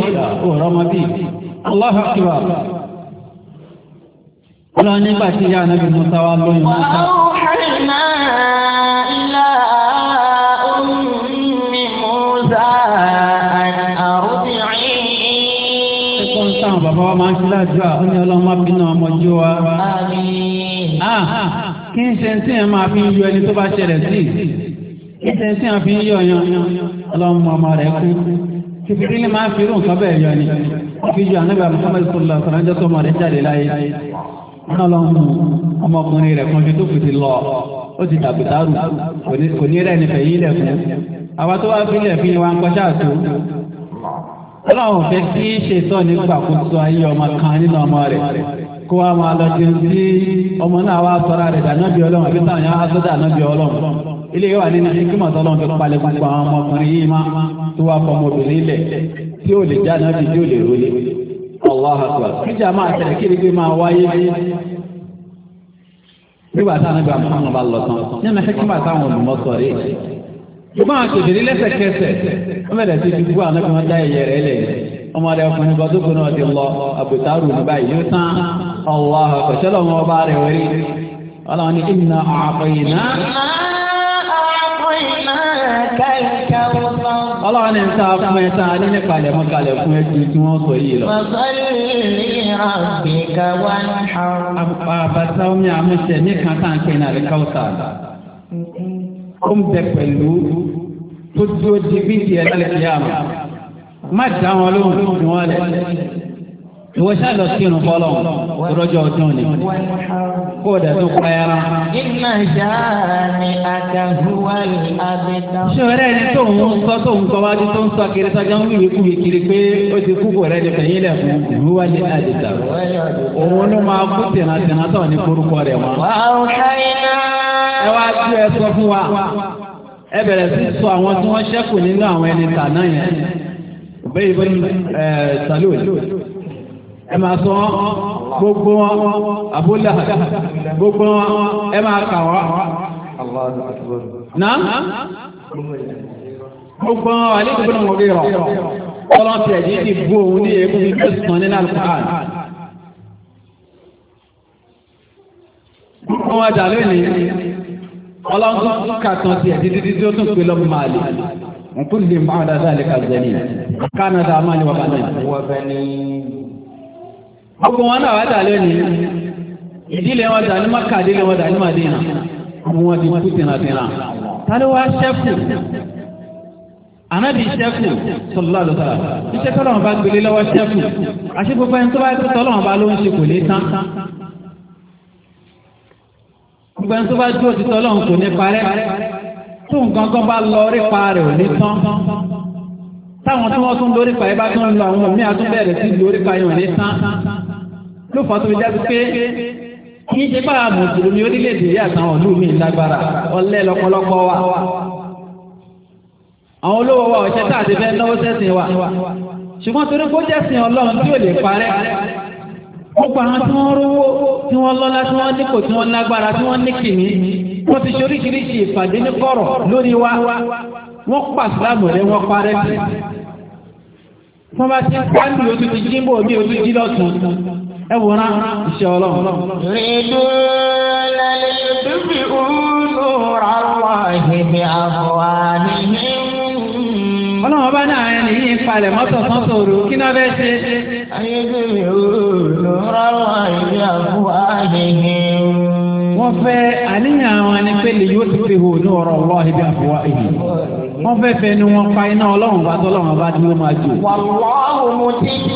B: ọ̀rọ̀ ọmọ bí Allahu akbar ọlọ́run nígbà tí ìyá ànábì Musa wá lóyún Musa.
A: táwọn bàbá wa máa ń ṣe
B: láàdúrà ó ní ọlọ́run máa bínú ọmọjú wa.
A: Ah, kí n ṣe tí ẹ máa fi ń yọ ẹni tó bá ṣẹlẹ̀ sí
B: ìtẹ́ sí àfi ń yọ yan ọlọ́mọ ọmọ rẹ̀ kú kìfìrí ni máa fi irú nǹkan bẹ́ẹ̀ yọ ni wọ́n fi yọ ànábì Muhammad sallallahu alaihi wasallam tó ọmọ rẹ̀ jáde láyé wọn ọlọ́mọ ọmọkùnrin rẹ̀ kan ju tó fi ti lọ ó ti dàgbìtàrù kò ní rẹ̀ nífẹ̀ẹ́ yílẹ̀ fún àwa tó wá fílẹ̀ fi wa ń kọjá tó ọlọ́run fẹ́ kí ṣètọ́ nígbà kó sọ ayé ọmọ kan nínú ọmọ rẹ̀ kó wa máa lọ sí ọmọ náà wá sọ́ra rẹ̀ dànábì ilé yóò wà nínú ìkímọ̀ tọ́lọ́n tó palẹ̀ gbogbo àwọn ọmọkùnrin yìí má tó wá fọmọbìnrin lẹ̀ tí ó lè jáná bí tí ó lè rólé Allahu Akbar níjà máa tẹ̀lé kiri pé máa wáyé nígbà táwọn ẹgbẹ́ àmọ́ bá lọ tán nínú ìkímọ̀ táwọn olùmọ̀ sọ rí ṣùgbọ́n àwọn kèfèrí lẹ́sẹ̀kẹsẹ̀ wọ́n bẹ̀rẹ̀ sí gbogbo àwọn ẹgbẹ́ wọn dá ẹ̀yẹ rẹ̀ lẹ̀ ọmọdé ọkùnrin kan tó náà ti lọ àbùtárù ní báyìí yóò tán Allahu Akbar ọmọ ọba rẹ̀ wẹ̀rí ọlọ́run ní ìnà àpẹ̀yìn náà
A: ọlọ́run
B: ní ta fún ẹ ta ní nípalẹ̀ mọ́ kalẹ̀ fún ẹ ju tí wọ́n sọ yìí lọ. àbàtà omi àmúṣẹ nìkan tá à ń pè ní àríkàwùsà ó ń bẹ pẹ̀lú tó dúró di bíi ti ẹ̀ lálẹ́ kìí àmọ́ má dá wọn lóhùn lóhùn wọn lẹ̀ ìwọ ṣáà lọ
A: kírun fọlọ rọjò ọdún ni kó o dẹ̀tún pa ẹran. iná ṣáàní àtàhùwàlì àbẹ̀tà. ṣọ̀rẹ́ ẹni tó ń sọ tó ń sọ wájú tó ń
B: sọ kiri sájà ń wíwí kúbi kiri pé ó ti kú kò rẹ́ ní fẹ̀yìn lẹ̀ fún ìhùwàlì àbẹ̀tà. òun ló máa kú tìǹtìǹtì tó ní korúkọ rẹ̀ wọn. ẹ wá tú ẹ sọ fún wa ẹ bẹ̀rẹ̀ sí sọ àwọn tí wọ́n ṣẹ́kù nínú àwọn ẹni tà náà yẹn ẹ máa sọ gbogbo wọn abúlé gbogbo wọn ẹ máa kà wá. Náà gbogbo wọn wà ní
C: ìdúgbò wọn bí rọ tọ́lọ́ tiẹ̀ ní ti bú òun ní eégún bíi mẹ́sàn-án nínú Al-Qur'an.
B: Gbogbo wọn dà lónìí
C: ọlọ́run kàtàn tiẹ̀ títí tí ó tún pè lọ́mọ máa lè. Nkúndé máa dáadáa lè ka zẹ́ni.
B: Kánádà máa ní wàbánẹ́.
A: Wàbánẹ́. Gbogbo wọn náà wádà
B: lónìí, ìdílé wọn dà ní Mákà, ìdílé wọn dà ní Màdínà, mú wọn ti kú tìrantìra. Tálé wá ṣẹ́kù, ànábì ṣẹ́kù, sọ̀lá lọ́tà, iṣẹ́ tọ́lọ́wọ́n bá gbélé lọ́wọ́ ṣẹ́kù, àṣẹ gbogbo ẹni tó bá tọ́lọ́wọ́n bá ló ń ṣe kò lé tán gbogbo ẹni tó bá dúró
C: títọ́ lọ́hùn kò ní parẹ́ tó nǹkan kan bá lọ orí pa rẹ̀ ò ní tán
B: táwọn tí wọ́n tún lórí pa yẹn bá tún lọ àwọn míì àtúbẹ̀rẹ̀ sí lórí pa yẹn ní tán.
C: ló fà tó jáde pé
B: kí n ṣe bá mùsùlùmí orílẹ̀-èdè yìí àtàwọn mi lágbára ọlẹ́ lọ́pọ̀lọpọ̀ wa àwọn olówó wa ọ̀ṣẹ́ tá àti fẹ́ náwó wa ṣùgbọ́n torí kó jẹ́sìn ọlọ́run tí ò lè parẹ́ gbogbo àwọn tí wọ́n rówó tí wọ́n lọ́lá tí wọ́n tí wọ́n lágbára tí wọ́n wọ́n ti ṣoríṣiríṣi ìpàdé ní kọ̀rọ̀ lórí wa wọ́n
A: ẹ wòran iṣẹ́ ọlọ́run. rìndó lẹ́lẹ́ bíbí òòlù rárá ìbí àbúwá nìyí. ọlọ́run bá náà ẹni yìí ń palẹ̀ mọ́tò sọ́tò rò kí náà bẹ́ẹ̀ ṣe. ayé bíbí òòlù rárá ìbí àbúwá nìyí. wọ́n fẹ́ àníyàn àwọn ẹni pé
B: lè yóò ti fi hù ní ọ̀rọ̀ ọlọ́run ìbí àbúwá ìbí wọ́n fẹ́ fẹ́ ni wọ́n pa iná ọlọ́run bá tọ́lọ́run bá dúró máa jò. wàlúwàhùn mo ti dì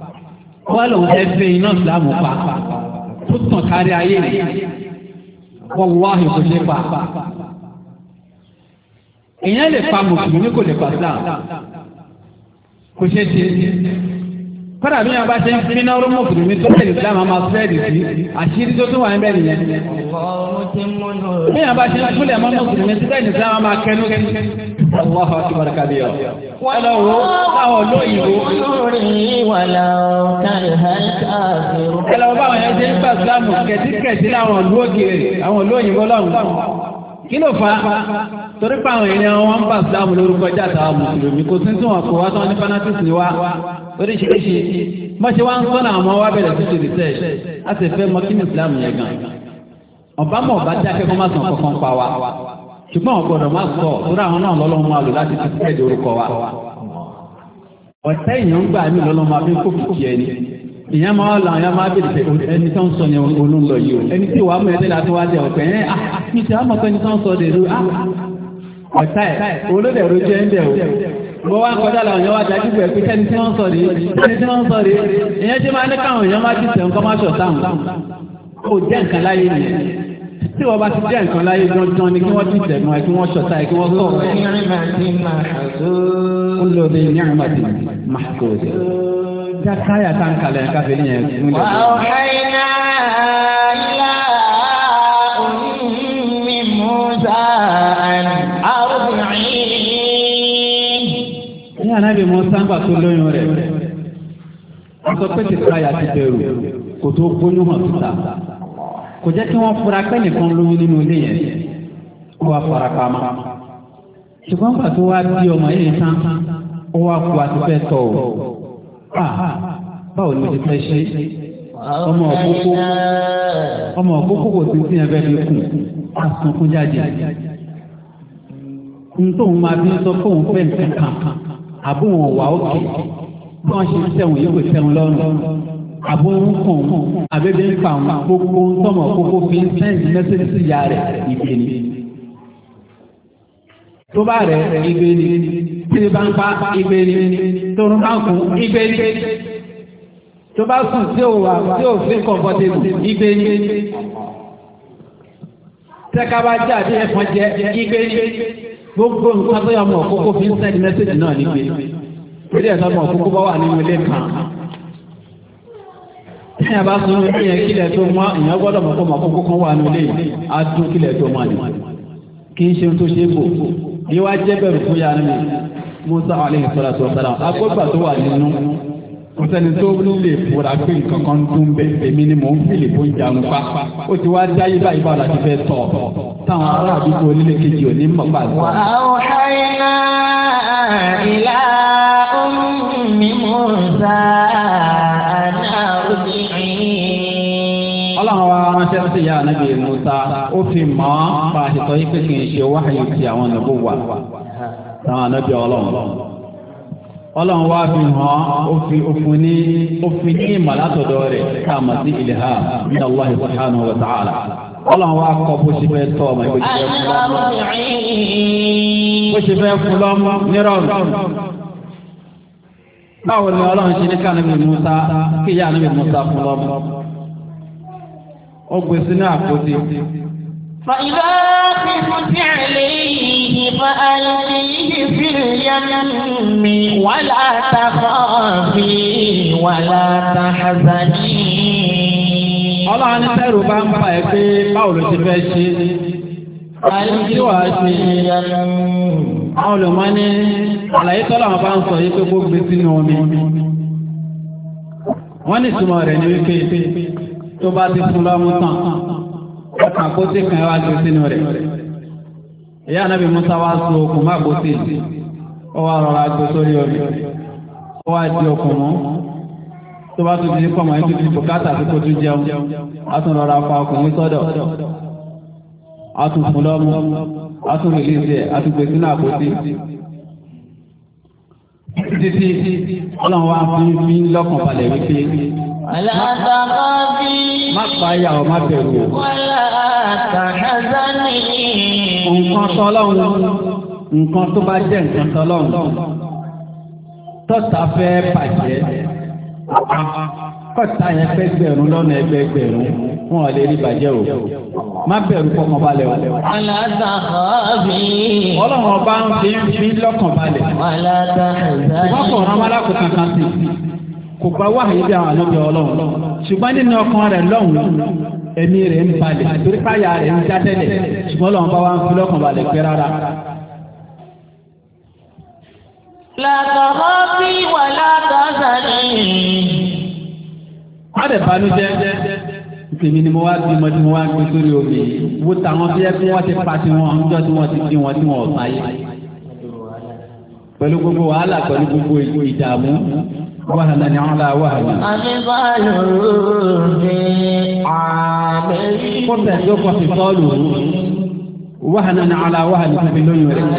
B: wọ́n lòun fẹ́ fẹ́ iná ìsìlámù pa
C: tó tàn kárí ayé rẹ̀ wọ́n wá ìkó ṣe pa.
B: èèyàn lè pa mùsùlùmí kò lè pa islam kò
A: ṣeé ṣe é kọ́dà bí wọn bá ṣe ń fi náà rọ́mọ̀ fún mi tó tẹ̀lé fẹ́ẹ̀dì sí àṣírí tó
B: tún wà níbẹ̀ nìyẹn.
A: bí wọn bá ṣe ń fúnlẹ̀ mọ́ mùsùlùmí tó tẹ̀lé islam a máa kẹnu kẹnu.
B: Allahu akbar kabiya. Wọ́lọ́ wo àwọn
A: olóyìnbó. Ẹlọ báwọn yẹn láwọn ìlú òkèèrè
B: àwọn olóyìnbó lọ́hùn. Kí àwọn ènìyàn wọn ń gbà sílámù lórúkọ oríṣiríṣi mọ́ṣẹ́ wá ń sọ́nà àwọn wá bẹ̀rẹ̀ sí ṣèlú sẹ́ẹ̀ á sì fẹ́ mọ kí ni Islam yẹn gan. ọ̀bá mọ̀ bá jẹ́ akẹ́kọ̀ọ́ má sàn kankan pa wa
C: ṣùgbọ́n ò gbọ́dọ̀ má sọ òrà àwọn náà lọ́lọ́ máa lò láti tún fẹ́ẹ̀dì orúkọ wa.
B: ọ̀tẹ́ èèyàn ń gbà mí lọ́lọ́ máa fi kófì kí ẹni ìyẹn máa lọ àwọn máa bèrè pé ẹni tó ń sọ ni olóńlọ yìí o ẹni tí wàá mú ẹni láti wá jẹ ọ̀pẹ ẹ̀ ah mi ti àmọ́ pé ẹni tó ń sọ dèrò ah ọ̀tá ẹ̀ olódèrò jẹ́ ń bẹ̀ o mo wá kọjá làwọn èèyàn wá dájú pé pé tẹ́ni tí wọ́n sọ rèé tẹ́ni tí wọ́n sọ rèé ìyẹn tí máa ní káwọn èèyàn máa ti tẹ̀ nǹkan máa ṣọ̀ táwọn kò jẹ́ nǹkan láyé nìyẹn tí wọ́n bá ti jẹ́ nǹkan láyé dandan ni kí wọ́n ti tẹ̀ mọ́ kí wọ́n ṣọ̀tá ẹ kí wọ́n sọ̀rọ̀ ó lọ bí ní àmà ti máa kó jákáyà tá ń kalẹ̀ káfíńyẹn.
A: anábì Mùsá ń gbà tó lóyún rẹ̀
B: wọ́n sọ pé tìpá yà ti bẹ̀rù kò tó gbóyún hàn síta kò jẹ́ kí wọ́n fura pé nìkan lóyún nínú ilé yẹn ó wá fara pamọ́
A: ṣùgbọ́n gbà tó wá bí ọmọ yìí tán ó wá kú àti fẹ́
B: tọ̀ ọ́ ah, báwo ni o ti fẹ́ ṣe ọmọ òkókó ọmọ òkókó kò sí sí ẹgbẹ́ mi kù á sunkún jáde ntòun máa bí sọ fóun fẹ́ nǹkan àbò wọn wà òkè bí wọn ṣe ń sẹwọn yìí kò sẹwọn lọ́rùn àbò ń kàn wọn àbẹbẹ ń fà wọn gbogbo ń tọmọ gbogbo fi ń sẹńdì mẹsẹgì sí ìyá rẹ ìgbè ni. tó bá rẹ ìgbè ni tí bá ń pa ìgbè ni tó ń bá kún ìgbè ni tó bá sùn tí ò wà tí ò fi kọ̀ǹpọ̀tébù ìgbé ní tẹ́ka bá jáde ẹ̀fọn jẹ ìgbé ní gbogbo nǹkan tó yà mọ̀ kókó fi ń sẹ́ni mẹ́sẹ̀jì náà ní pé ilé mọ̀ kókó bá wà nínú ilé kan ní àbá sọ ní ìyẹn kílẹ̀ tó mọ́ ìyẹn gbọ́dọ̀ mọ̀ kó mọ̀ kókó kan wà nínú ilé adún kílẹ̀ tó mọ́ ni kì í ṣe tó ṣe bò ní wá jẹ́ bẹ̀rù fún yàrá mi Musa alayhi salatu wa salam agbógbà tó wà nínú kò sẹ́ni tó lè fura pé nǹkan kan dún bẹ́ẹ̀ èmi ni mò ń fìlè bó ń jaun pa ó ti wá dáyé báyìí báwo la ti fẹ́ sọ táwọn ará àdúgbò onílé kejì ò mọ̀ bá sọ. wàá ó
A: ṣáyé ìlà ummi Musa àná òbí
B: ọlọ́run wa ránṣẹ́ sí ìyá ànábì Musa ó fi mọ́ bá a ṣe pé kì í ṣe wáhàyè ti àwọn nàbó wà táwọn ànábì ọlọ́run. ọlọ́run wá fi hàn òfin òfin ní ní ìmọ̀ látọ̀dọ̀ rẹ̀ ká mà sí ilham ní Allah subhanahu wa ta'ala ọlọ́run wá kọ́ bó ṣe fẹ́ tọ́ ọmọ ìgbésí fẹ́ fún lọ́mọ
A: bó ṣe fẹ́ fún lọ́mọ nírọ̀rùn.
B: báwo ni ọlọ́run ṣe ní Musa kí ìyá Musa fún lọ́mọ ó gbé sínú àpótí
A: فإذا خفت عليه فألقيه في اليم ولا تخافي ولا تحزني
B: ọlọ́run ní sẹ́rù ń pa ẹ̀ pé báwo ló ti fẹ́ ṣe ẹni tí wàá ṣe àwọn olùmọ́ ní àlàyé tọ́lá wọn bá ń sọ yìí pé kó gbé sínú omi wọ́n ní ìtumọ̀ rẹ̀ ní wípé tó bá ti fún lọ́mú tán ọkà àpótí kan wá ju sínú rẹ̀ ìyá anábì musa wá so okùn má àpótí ó wá rọra gbé sórí omi ó wá di okùn mú tó bá tún ti kọ́ ọmọ yẹn tó ti bùkátà tó tún jẹun a tún rọra fa ọkùnrin sọ́dọ̀ á tún fún tún tún gbé sínú
A: Má pààyà ọ má bẹ̀rù. Nǹkan tọ́lọ́run,
B: nǹkan tó bá jẹ́ nǹkan tọ́lọ́run. Tọ́ta fẹ́ bàjẹ́. Kọ́ta yẹn fẹ́ gbẹ̀rún lọ́nà ẹgbẹ̀gbẹ̀rún. Wọ́n lè rí bàjẹ́ o. Má bẹ̀rù pọ̀mọ́ balẹ̀ o. Ọlọ́run ọba ń fi lọ́kàn balẹ̀. Wọ́n kọ̀ ọ̀rọ̀ ọmọlákùn kankan sí kò gba wáhàyè bí àwọn àlọ́bí ọlọ́run ṣùgbọ́n nínú ọkàn rẹ̀ lọ́hùn ẹ̀mí rẹ̀ ń balẹ̀ torí káyà rẹ̀ ń já tẹ́lẹ̀ ṣùgbọ́n lọ́hùn bá wa ń fi lọ́kàn balẹ̀ pẹ́ rárá.
A: làtọ̀kọ́ bí wà látọ̀ sàlẹ̀.
B: ọ̀rẹ́ banújẹ́ tèmi ni mo wá bímọ tí mo wá gbé sórí omi wo táwọn bí ẹbí wọn ti pa tiwọn ọjọ́ tí wọ́n ti dín wọn tí wọ́n ọ̀sáyé pẹ̀lú gbogbo wàhálà pẹ̀lú gbogbo ìdààmú وهلا على وهلا أفضل
A: في
B: عامل قلت يوقف فصاله وهلا على وهلا في اللون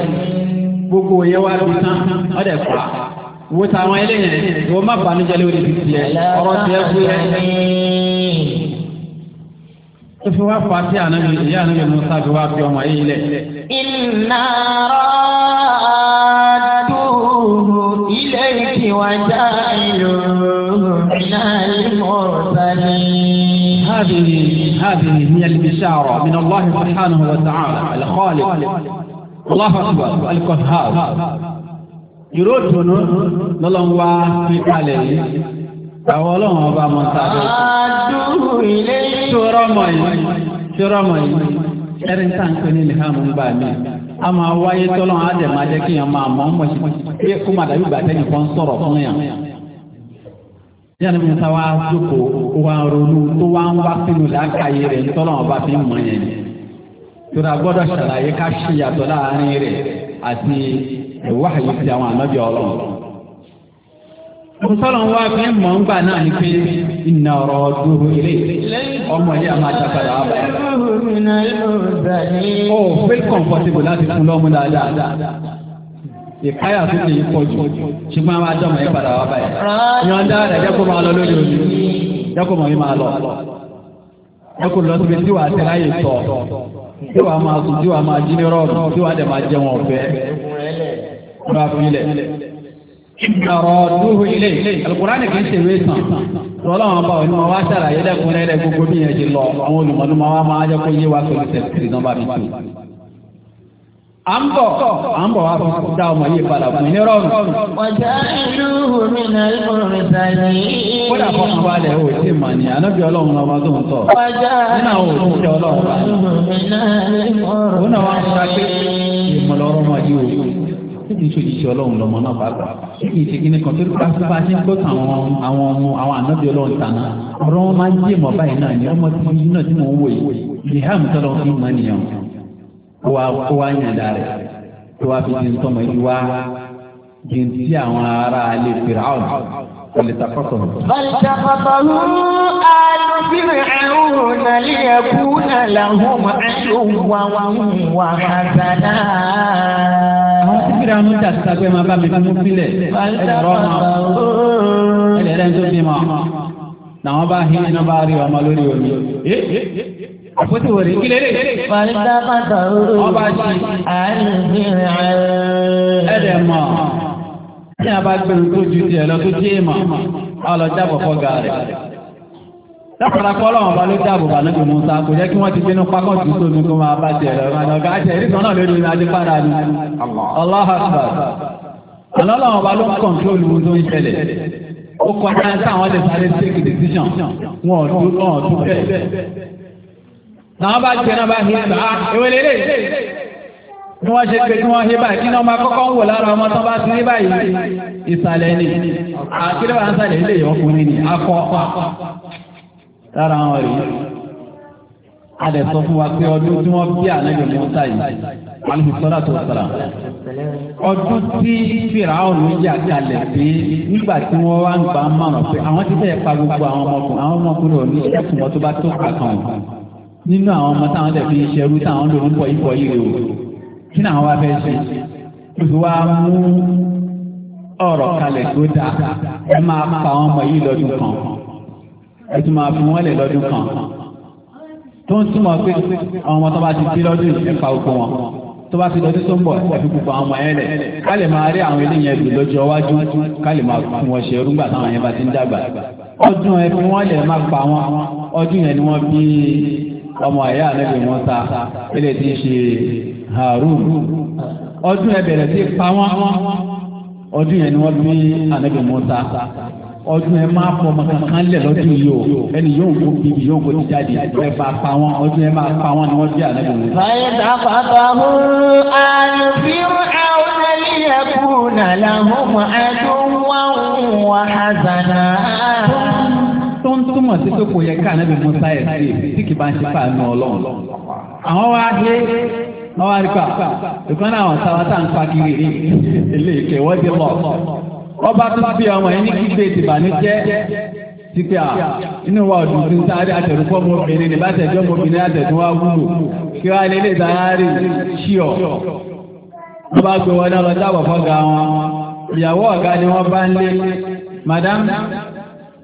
B: gbogbo yẹ wá bí tán ọdẹ fura wo táwọn eléyìí wo má banújẹ́ lórí ibi tiẹ̀ ọ̀rọ̀ tiẹ̀ fúyẹ́. ó fi wá fa sí ànábi ìyá ànábi musa fi wá fi ọmọ yìí lẹ.
A: iná rọ́ọ̀dù ilé ìkìwájà.
B: هذه هذه هي البشارة من الله سبحانه وتعالى الخالق الله أكبر القهار يروتون نلون في عليه أولون أبا منتابع شرمي شرمي ẹrin tá ń pè ní ìlhàmù ń gbà mí a máa wáyé tọ́lọ́ àdèmájẹ́ kí èèyàn máa mọ́ ọmọ sí pé kó má dàbí gbàtẹ́yìn kan sọ̀rọ̀ fún yàn yàrá mi ta wá jókòó wa ronú tó wá ń wá sínú làákàyè rẹ̀ ńtọ́nà ọba fi mọ̀ yẹn ni tóra gbọ́dọ̀ ṣàlàyé ká ṣe yàtọ̀ láàrin rẹ̀ àti ìwà àyè ti àwọn ànábì ọlọ́run. Mùsọ́lọ̀ ń wá fi mọ̀ ń gbà náà pé iná ọ̀rọ̀ dúró ilé ọmọ yìí a máa Ó oh, fẹ́ ìkáyà tó lè pọ̀ jù ṣùgbọ́n àwọn àjọmọ̀ yẹn padà wá báyìí. ìyọ̀ǹda rẹ̀ jẹ́ kó máa lọ lórí omi jẹ́ kó mọ̀ mí máa lọ.
A: jẹ́ kó lọ síbi tí wàá tẹ láyè tọ̀ tí wàá máa sùn tí wàá máa jí ní rọ́ọ̀rù tí wàá dẹ̀ máa jẹun ọ̀fẹ́. rà filẹ̀. ọ̀rọ̀
B: dúró ilé alukurani kì í ṣe ìwé sàn. rọ́lọ́wọ́n bá wọn ni wọ́n wá ṣàlàyé lẹ́kùnrin lẹ́ à ń bọ̀ à ń bọ̀ wá fún dá ọmọ yìí padà fún ní rọrùn. ọjà ìlú mi náà ìbò mi sàlẹ̀. kódà fọkàn balẹ̀ o ti mà ní anábì ọlọ́run ọba tó ń sọ. ọjà ìlú mi náà ìbò mi sàlẹ̀. òun náà wá ń sá pé ìmọ̀lọ́rọ̀ máa yí o níbi ìṣe ìṣe ọlọ́run lọ́mọ náà bàbà níbi ìṣe kìíní kan tó bá bá ṣe ń gbọ́ àwọn àwọn ọmọ àwọn ànábì ọlọ́run tàná ọ̀rọ̀ wọn máa ń yé mọ̀ báyìí náà ni ọmọ tí mo yí náà tí mo ń wò yìí ìhà mi tọ́lọ́ fún mi nìyẹn kó wa kó wa yàn dà rẹ̀ kó wa fi jìn tọmọ yìí wá jìn tí àwọn ará alẹ́ fèrè àwọn olùtakọ̀tọ̀.
A: olùtakọ̀tọ̀ alùpùpù liyakun lahum àlùwàwàn wà hàzànà. àwọn tí fìrà ń jà sísá pé máa bá mi fún sílẹ̀ ẹ̀rọ ọmọ ẹ̀rẹ́ ń tó bí
B: làwọn bá hin iná bá rí ọmọ lórí omi.
C: Eh, eh, eh
A: àpótí wò lè kílẹ̀ Fàlídà bàtà òru ọba ṣì àìrìnrìn àìrìn. Ẹ̀dẹ̀ mọ̀, ní abágbèrè tó ju
B: tiẹ̀ lọ tó jẹ́ ìmọ̀, ọlọ́jàbọ̀ fọ́gà rẹ̀. Lọ́pọ̀lọpọ̀ ọlọ́run ọba ló dáàbò bà lóde Musa kò jẹ́ kí wọ́n ti gbénú pákọ̀ tó tóbi kó máa bá tiẹ̀ lọ. Ọ̀gá àti ẹ̀rí kan náà lórí adé padà ni. Allahu Akbar. Àlọ́ ọlọ́run ọba ló ń kọ̀ǹtrólù ohun tó ń ṣẹlẹ̀ ó kọjá táwọn lè sáré take decision wọn ò dúró bẹ́ẹ̀ làwọn bá jẹ náà bá hi ẹ̀ bá ewé lélẹ̀ ni wọ́n ṣe pé kí wọ́n hi báyìí kí náà máa kọ́kọ́ ń wò lára ọmọ tó bá ti ní báyìí ìsàlẹ̀ ni àkílẹ̀ bá ń sàlẹ̀ ilé ìwọ́kùnrin ni akọ lára wọn rí
A: a lè sọ fún wa pé ọdún tí wọ́n bí ànágbè mọ́tà yìí alùpùpọ̀lá
B: tó sara ọdún tí fìràwọn yà kalẹ̀ pé nígbà tí wọ́n wá ń gbà ń mọ̀ràn pé àwọn ti fẹ́ pa gbogbo àwọn ọmọkùnrin àwọn ọmọkùnrin ò ní ẹ̀kún tó bá tó kà nínú àwọn ọmọ táwọn tẹ̀ fi ń ṣerú táwọn ló ń pọ̀ yí pọ̀ yí rè o kí ni àwọn wá fẹ́ ṣe oṣù wa mú ọ̀rọ̀ kalẹ̀ tó dáa ẹ máa pa àwọn ọmọ yìí lọ́dún kan ẹ tún máa fi wọ́n lẹ̀ lọ́dún kan tó ń túmọ̀ pé àwọn ọmọ tó bá ti bí lọ́dún ẹ pa oko wọn tó bá fi lọ́dún tó ń bọ̀ ẹ fi kúkọ àwọn ọmọ yẹn lẹ̀ ká lè máa rí àwọn eléyìí ẹ̀dùn lọ́jọ́ iwájú ká lè máa fún wọn ṣe rúgbà táwọn yẹn bá ti ń dàgbà ọdún ẹ fi wọ́n lẹ̀ má pa wọn ọdún yẹn ni wọ́n bí ọmọ ẹ̀yà ànábì Mùsá ilé tí ń ṣe Harun ọdún ẹbẹ̀rẹ̀ sí pa wọ́n ọdún yẹn ni wọ́n bí ànábì Mùsá ọdún ẹ máa fọ ọmọ kankan lẹ lọdún yìí o ẹni yóò kó bíbí yóò kó ti jáde ẹ bá pa wọn ọdún ẹ máa pa wọn ni wọn bí àlejò wọn. fàyẹ̀dà pàpà mú àlùfíù àwọn ẹlẹ́yẹ̀kú nàlàhùn àdúgbò wọn wà hàzànà ń túmọ̀ sí pé kò yẹ ká níbi musa ẹ̀ sí tí kì bá ń ṣe fàánù ọlọ́run àwọn wá dé wọ́n wá rí pa ìkan náà àwọn sáwá tá à ń pa kiri rí ilé ìkẹwọ́dé lọ wọ́n bá tún bí ọmọ yẹn ní kígbe ìbànújẹ́ ti pé à inú wa ọdún tí ń sáré àtẹ̀rúkọ́ ọmọbìnrin ní bàtẹ̀jọ́ ọmọbìnrin àtẹ̀tún wa wúlò kí wá lé lè sáré sí ọ. wọ́n bá gbé wọn náà lọ sábà fọ́gà wọn ìyàwó ọ̀gá ni wọ́n bá ń lé madam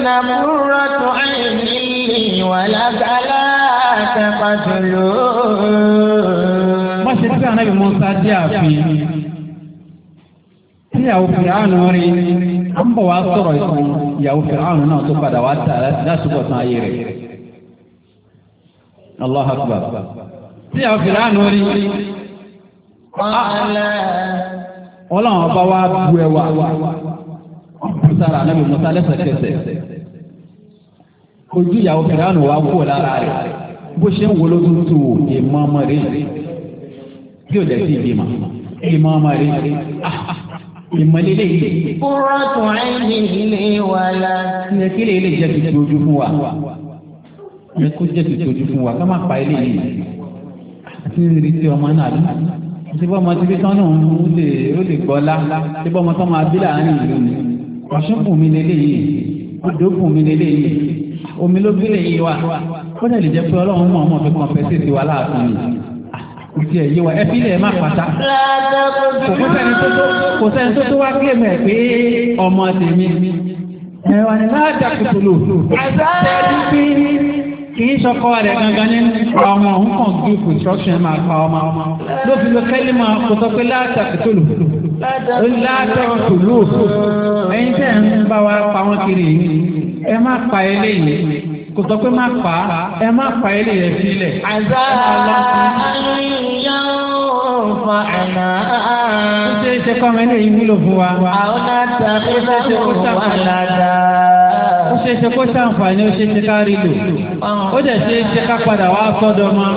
A: قرة عين لي ولك تقتلون ما شفت أنا بموسى جافي ìyàwó fìràánù rí à ń bọ̀ wá
B: sọ̀rọ̀ ìtàn ìyàwó fìràánù náà tó padà wá tà lásìkò tán ayé rẹ̀ akbar
A: ọlọ́run ọba wa bu ẹwà
B: ọ̀pọ̀ sára anábì musa lẹ́sẹ̀kẹsẹ̀. ojú ìyàwó fìránù wa kú lára rẹ̀ bó ṣe ń wo ló tún tù wò ìmọ̀ ọmọ rẹ̀ bí ò dẹ̀sí ìbímọ ìmọ̀ ọmọ rẹ̀ ìmọ̀lélẹ̀ yìí. Ah,
A: kúrọ̀ tún ẹ̀yìn ilé wa
B: la. ilé kí lè lè jẹ́ tuntun ojú fún wa ilé kó jẹ́ tuntun ojú fún wa ká má pa ilé yìí àti rí ti ọmọ náà lọ tí bọ́mọ tí bísán náà ó lè ó lè gbọ́lá tí bọ́mọ tó máa bí láàárín ìlú ni ọ̀ṣun kùn mí lélẹ́yìí odò kùn mí lélẹ́yìí omi ló fi lè yí wa ó dẹ̀ lè jẹ́ pé ọlọ́run mọ̀ fi kàn fẹ́ sí ti wa láàfin yìí ìdí ah, ẹ̀ yé wa ẹ lè má pàtà kò sẹ́ni tó tó wá kílè mẹ́ pé ọmọ tèmi ẹ̀wà ni láàjà kòtòlò àtàlẹ́bí kì í sọkọ rẹ̀ gangan ní ọmọ òun kàn gbé construction máa pa ọmọ ọmọ ló fi lọ kẹ́lí máa kó sọ pé láàjà kòtòlò láàjà kòtòlò ẹ̀yin tẹ̀ ń bá wa pa wọ́n kiri yìí ẹ má pa eléyìí kò sọ pé má pa ẹ má pa eléyìí ẹ sílẹ̀. àzá
A: àlùyọ fa àná. ó ṣe é ṣe kọ́ ọmọ eléyìí wúlò fún wa. àwọn àtàkùn bá tó
B: wà ládàá ó ṣe ṣe kó ṣàǹfààní ó ṣe ṣe ká rí lò ó dẹ̀ ṣe ṣe ká padà wá sọ́dọ̀mọ́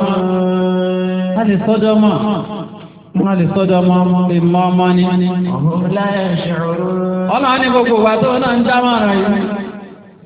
B: a lè sọ́dọ̀mọ́ wọ́n lè sọ́dọ̀mọ́ ìmọ̀ ọmọ ni.
A: ọlọ́run ní gbogbo wa tó
B: náà ń dámọ̀ràn yìí.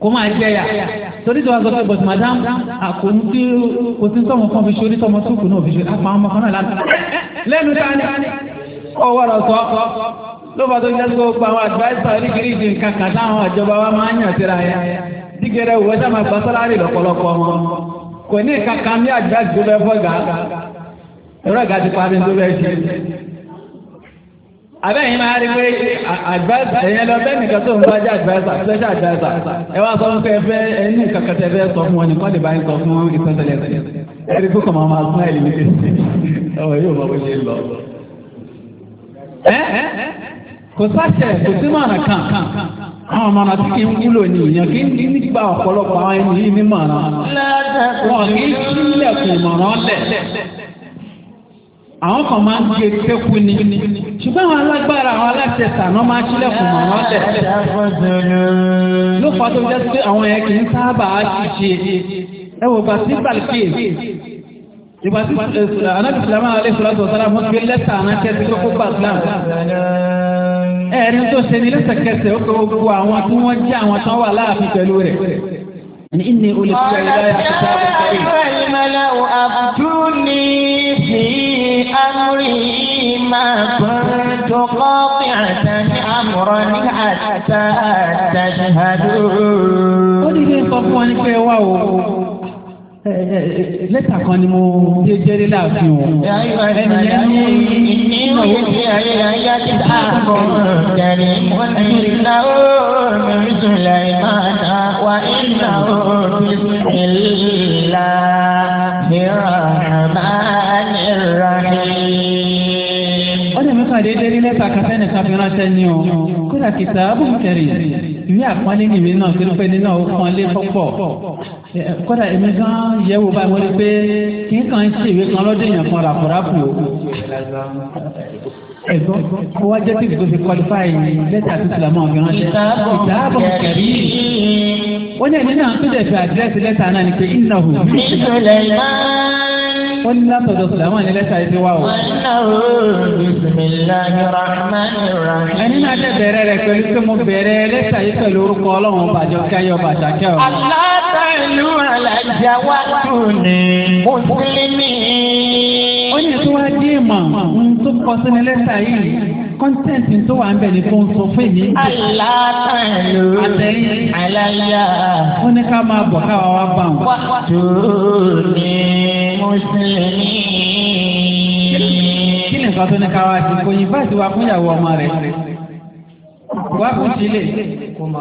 B: kò máa jẹ yà torí tí wàá sọ pé but madam àkóhun tí kò sí tọmọ kan fi ṣe onítọmọ túkù náà fi ṣe àpá ọmọ kan náà láti lẹ́nu dání ọwọ́ rẹ̀ sọ ló bá tó jẹ́ gbogbo àwọn advisor oríṣiríṣi nǹkan kan táwọn ìjọba wa máa ń yàn síra yẹn dígẹrẹ òwò ẹjọ́ máa gba sọ́láàrì lọ́pọ̀lọpọ̀ wọn kò ní ìkankan ní advice gbogbo ẹ̀fọ́ gàá ẹ̀rọ ìgbà ti parí gbogbo ẹ̀ ṣe àbẹ́yìn máa rí pé ẹ̀yẹn lọ bẹ́ẹ̀ nìkan tó ń bá jẹ́ àdìváísà fẹ́ṣẹ́ àdìváísà ẹ wá sọ fún fẹ́ fẹ́ ẹni kankan tẹ fẹ́ sọ fún wọn nìkan lè báyìí sọ fún wọn ìpẹ́tẹ̀lẹ̀ ẹ̀rí pé kò máa máa sún ẹ̀lì ní kéṣì ọ̀rọ̀ yóò máa wọlé lọ. kò sáṣẹ kò sí mọ̀nà kan àwọn ọmọ náà kí n wúlò ní ìyàn kí n nígbà ọ̀pọ̀lọpọ̀ àwọn ẹni yìí ní mọ̀nà wọn kì í sílẹ̀kùn mọ̀nà lẹ̀ àwọn kan máa ń di etíkẹ́kù ni ṣùgbọ́n àwọn alágbára àwọn aláṣẹ sànà máa ṣílẹ̀kùn mọ́ wọn lẹ̀. ló fà tó jẹ́ pé àwọn yẹn kì í sábà ṣiṣẹ́
A: ẹ wò bá sí balùwẹ̀ ìgbà tí anábì sàlámà alẹ́ sọ̀rọ̀ tó sára fún pé lẹ́tà anáṣẹ́ ti kókó gbà sílám. ẹ̀rín tó ṣe
B: ni lẹ́sẹ̀kẹsẹ̀ ó kọ́ gbogbo àwọn tí wọ́n jẹ́ àwọn tán wà láàfin pẹ̀lú rẹ̀. ní ìní olùsọ̀rọ̀ ìlà ìṣẹ́
A: ما كنت قاطعة أمرا حتى تشهدون ó dìde sọ fún wọn pé wá
B: o lẹ́tà kan ni mo ṣe jẹ́rẹ́ láàfin o ẹnìyẹn ní
A: ìnáwó ti ayé ayé ti dáàbò jẹrẹ ìnáwó mi sùn lẹ́yìn máa ta wá ìnáwó mi sùn ìlà. kan fi ránṣẹ́
B: kódà kìtà abúkẹ́rì ìwé àpọ́nlé nìwé náà tó ń pè ní náà ó pọ́nlé pọ́pọ̀ kódà èmi gan yẹ̀wò báyìí wọ́n pé kí n kàn ṣe ìwé kan lọ́dún yẹn kan ràpùràpù o. ẹ̀gbọ́n kó jẹ́ kíkì tó fi kọlifáì lẹ́tà tó ti làmọ́ ọ̀gbìn ránṣẹ́ kìtà abúkẹ́rì
A: ó ní náà tó dẹ̀
B: àdírẹ́sì lẹ́tà náà ni pé ìnáwó wọ́n ní látọ̀dọ̀ sùlámà ní lẹ́tà ìdí wa o. ẹni náà tẹ bẹ̀rẹ̀ rẹ̀ pẹ̀lú pé mo bẹ̀rẹ̀ lẹ́tà yìí pẹ̀lú orúkọ ọlọ́run bàjọ́ káyọ̀ bàjá kẹ́ ọ. alátàlú alájà wà lónìí mùsùlùmí. ó ní tí wàá dé ìmọ̀ ohun tó kọ sínú lẹ́tà yìí kọ́ńtẹ́ǹtì tó wà ń bẹ̀ ní fún sọ fún èmi. aláàtàlù
A: aláyà. ó ní ká máa bọ̀ káwa wá bá wọn. wà tó ní mùsùlùmí.
B: kí ni nǹkan tó ní káwa ti kò yín bá ti wá fún ìyàwó ọmọ rẹ̀
C: wá fún sílẹ̀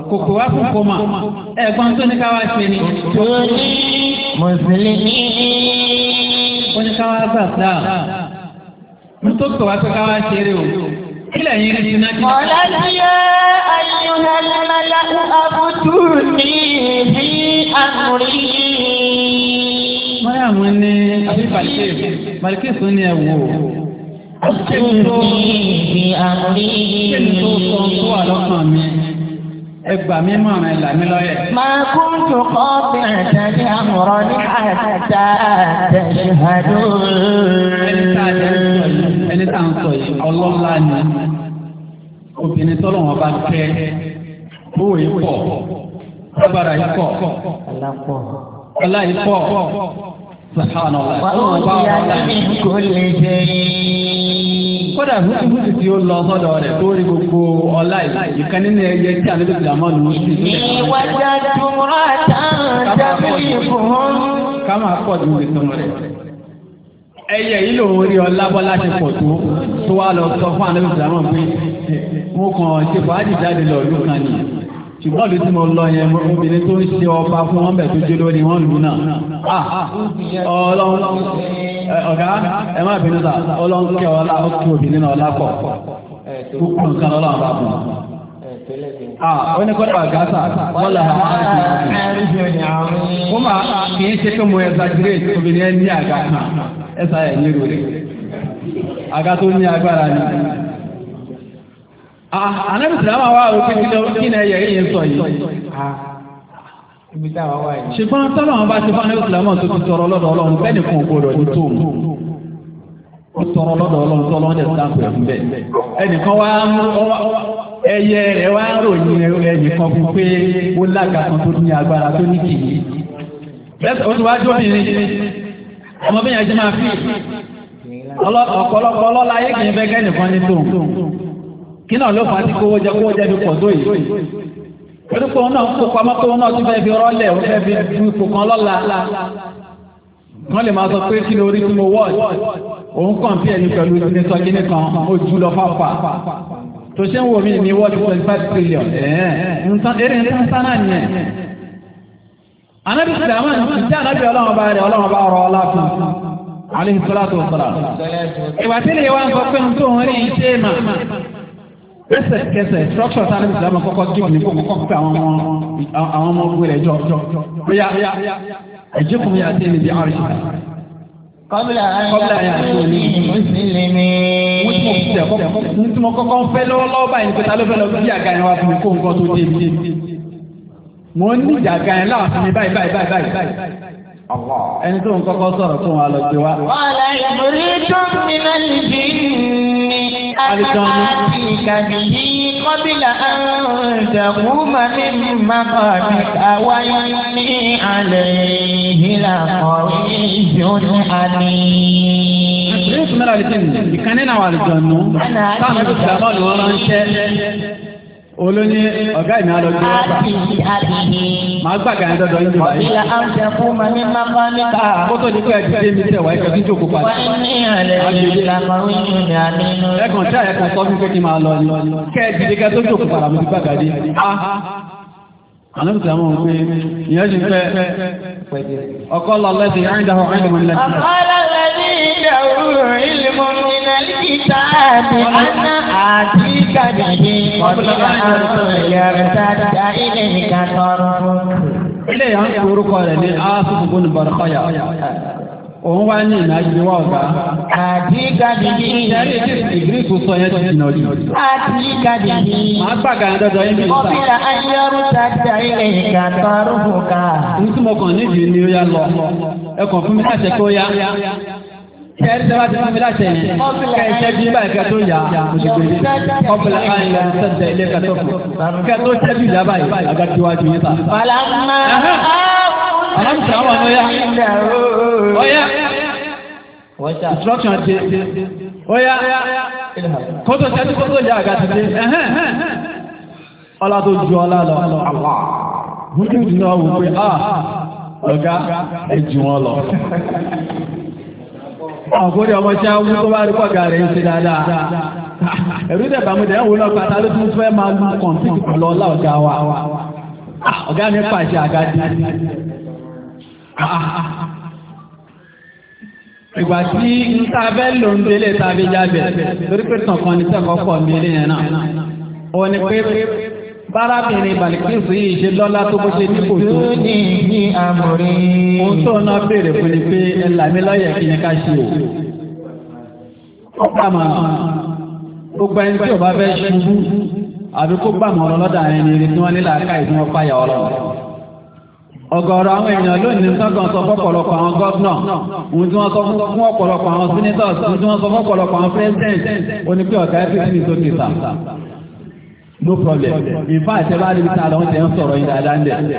C: kòkò wá fún kòmà
B: ẹ̀gbọ́n tó ní káwa ṣe ni. tó ní mùsùlùmí. ó ní káwa gbà sáà. mo tó kọ̀ wá pé káwa ṣeré o.
A: Kílẹ̀ yín rí iná jí. Ọ̀la ti yẹ ayélujára abudu ní ìdí àmúrí. Mọ́yàmú ní Abíbalẹ̀ Màlíkèsó ni ẹ wò. Àtúntò ìdí àmúrí. Kí ni tó sọ tó wà lọ́kàn
B: mi? ẹgbà mi máa rìn làmì lọ́yẹ̀. máa
A: kún tó kọ́ bí
B: àtàlẹ́ àmọ̀ràn ní àtàtà àtẹ̀ṣẹ̀hàdó. ẹni tá a jẹ́ ń sọ yìí ẹni tá à ń sọ yìí ọlọ́lá ni obìnrin tọ́lọ̀ wọn bá
A: tẹ owó pọ̀ lábàrà yìí pọ̀ ọlá yìí pọ̀ sàkánà ọlọ́wọ́n bá wà láyé.
B: kódà fúnfúnfún tí ó lọ sọ́dọ̀ rẹ̀ tó rí gbogbo ọlá yìí ìkan nínú ẹyẹ tí àlejò ìdààmú ló ń sìn. ìwádìí
A: àdúrà tán dábìlì fún.
B: ká máa pọ̀ ju ìtàn rẹ̀ ẹyẹ yìí lòun rí ọlábọ́lá ṣe pọ̀ tó tó wá lọ sọ fún àlọ́ ìsìlámọ̀ pé mo kàn ṣe fàájì jáde lọ ìlú kan nìyí ṣùgbọ́n ìlú tí mo lọ yẹn obìnrin tó ń ṣe ọba fún wọn bẹ̀ tó jẹ́ lórí wọn lù náà ah, ọlọ́run ọ̀gá ẹ má bínú ta ọlọ́run kẹ ọlá ó kí obìnrin náà ọlá pọ̀ púpọ̀ nǹkan ọlọ́run bá bùn.
C: Ah, ó ní kọ́dọ̀ àgásà wọ́n là á kì í ṣe pé mo ẹ̀
B: ẹ̀sà ẹ̀ tó ní agbára ni. wà kí ni ẹyẹ yìí sọ yìí. ṣùgbọ́n tọ́lọ̀ wọn bá ti fún ànábìsì náà tó ti tọrọ lọ́dọ̀ ọlọ́run bẹ́ẹ̀ ní ó tọrọ lọ́dọ̀ ọlọ́run ẹnìkan wá ẹyẹ rẹ̀ wá ròyìn ẹnìkan fún pé ó lága kan tó ní agbára tó ní ọmọ bí yẹn máa fi ọ̀pọ̀lọpọ̀ kìí fẹ́ kẹ́ nìkan ní kí náà ló fà á ti kówó jẹ kówó jẹ fi pọ̀ tó yìí náà kó pamọ́ kó náà tún fẹ́ fi ó fẹ́ fi ipò
C: kan lọ́la wọ́n lè máa sọ pé kí tí mo òun kàn
B: bí ẹni pẹ̀lú anabi sulaiman ti anabi ọlọ́run bá rẹ̀ ọlọ́run bá rọ̀ ọlá fún alayhi salatu wa salam ìwà tí lè wá ń sọ pé ń tó ń rí iṣẹ́ mà lẹ́sẹ̀kẹsẹ̀ structure tí anabi sulaiman kọ́kọ́ dì ní kókó kọ́kọ́ pé àwọn ọmọ ogun rẹ̀ jọ bóyá ẹ̀jẹ̀ kùn yà sí ẹni bí ọ̀rẹ́ kọ́bílà ayé àtúnì mùsùlùmí. mo ti mọ̀ kọ́kọ́ ń fẹ́ lọ́wọ́lọ́wọ́ báyìí nípa ta ló fẹ́ lọ sí àga yẹn fún mi kó nǹkan tó dé mi mo ń níjà gan ẹ̀ láwọn sinmi báyìí báyìí báyìí báyìí ẹni tó ń kọ́kọ́ sọ̀rọ̀ tó wọn lọ gbé wa. wàhálà ìmúrí tó ń
A: bínú níbi ní àtàkì kàbíyí kọ́bílà àǹdàkú màmí màkà bí káwáyé ní alẹ́ ìhìlà kọ̀wé ìjọ́nù àní. ìrísí mẹ́ta lè tẹ̀lé
B: ìkànnì náà wà lè jọ̀nù táwọn ìgbà náà lè wọ́n ránṣẹ́ olóyún ọ̀gá ìmí alọ́jọ́ ọ̀gá. màá gbàgbà yẹn dọ́dọ̀ yín jùlọ. ìlà
A: àǹtẹ̀ fún mi ní bàbá ah,
B: dé mi tẹ̀ wá ẹ̀kọ́ tí jókòó padà. wọ́n tí àyẹ̀kan sọ fún pé máa lọ ni. kẹ́ ẹ dìde kẹ́ tó jókòó padà mo ti gbàgbà dé. Ah. àlọ́kùtà mọ̀ pé ìyẹn ṣe fẹ́ ọkọ lọ lẹ́sìn àìdáhùn àìdáhùn lẹ́sìn. ọkọ lọ kàdìdì ọ̀dọ́lá yàrá ilé nìkan tọrọ fún.
A: ilé yà ń orúkọ rẹ̀ ní
B: asùnkùn bọ̀dọ̀kọ̀yà òun wá ní ìnájú wa ọ̀gá. àti kàdìdì. ìdarí ètò ìgírí tó sọ yẹn ti dìnnà jù. àti kàdìdì. màá gbàgà dọdọ yín bíi sá. ọ̀bìnrin ayọ́rù tàbí ilé nìkan tọrọ fún ká. n tí nídìí ni ó yá lọ ẹ fún mi láti ẹ̀kọ́ yá kẹ́rin tẹ́lá ti fún mi instruction ti ọyá kótó sẹ́ni kótó yà àgàtúndé ọlá tó ju ọlá lọ mú kí n náà ah, ọ̀gá ẹ̀jú wọn lọ
C: ọ̀gbọ́n ọmọ ṣe awú tó bá rí pọ̀gà rẹ̀ ń ṣe dáadáa
B: ẹ̀rú dẹ̀ bàmúdẹ̀ ẹ̀wọ̀n náà pátá ló tún fẹ́ máa lu kọ̀ǹtìtì pẹ̀lú ọlá ọ̀gá wa ọ̀gá mi pàṣẹ àgádì ìgbà tí ń ta fẹ́ lò ń délé tàbí jábẹ̀ lórí pé tàn kan ní sẹ́kọ̀ọ́ pọ̀ mí bárábìnrin balikirisi yìí ṣe lọ́lá tó bó ṣe ní kò tó ní ní àmúrí ohun tó náà bèèrè fún ni pé ẹlà mi lọ́yẹ̀ kí ni ká ṣe o ọgbàmà gbogbo ẹni tí o bá fẹ́ ṣubú àbí kó gbàmà ọ̀rọ̀ lọ́dà ẹni rí tí wọ́n nílà ká ìdún ọpá yà ọ̀rọ̀ ọ̀gọ̀ọ̀rọ̀ àwọn èèyàn lónìí sọ́gàn sọ fọ́pọ̀lọpọ̀ àwọn gọ́ọ̀nà ohun tí wọ́n sọ fún ọ̀pọ̀lọpọ̀ àwọn senators ohun tí wọ́n sọ fọ́pọ̀lọpọ̀ àwọn president onípẹ́ ọ̀gá fífi ní sókè sáà no problem
C: in fact níbi tá a lọ ń sọ̀rọ̀ yín dáadáa ń dẹ̀ sọ̀rọ̀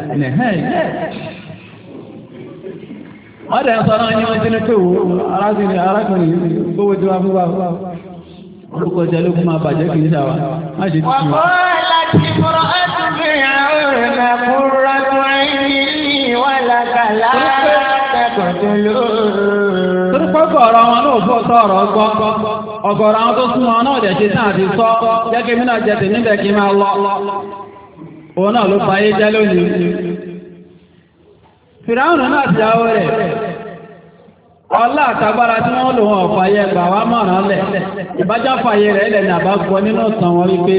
B: yín wọ́n ti ní pé wò arákùnrin arákùnrin gbówó tí wọ́n fún wa jẹ́ ló kún máa bàjẹ́ kì í ṣàwà má ọ̀gọ̀rọ̀ àwọn tó súnmọ́ náà jẹ́ ṣe sọ jẹ́kẹ́ mínà jẹ́ níbẹ̀ lọ òun náà ló fàyé jẹ́ lónìí fìráùnù náà ti àwọ rẹ̀ ọlá àtagbára tí wọ́n lò wọn gbà wá mọ̀ràn lẹ̀ ìbájá fàyẹ rẹ̀ lẹ̀ ní àbáfọ nínú ọ̀sán wọn wípé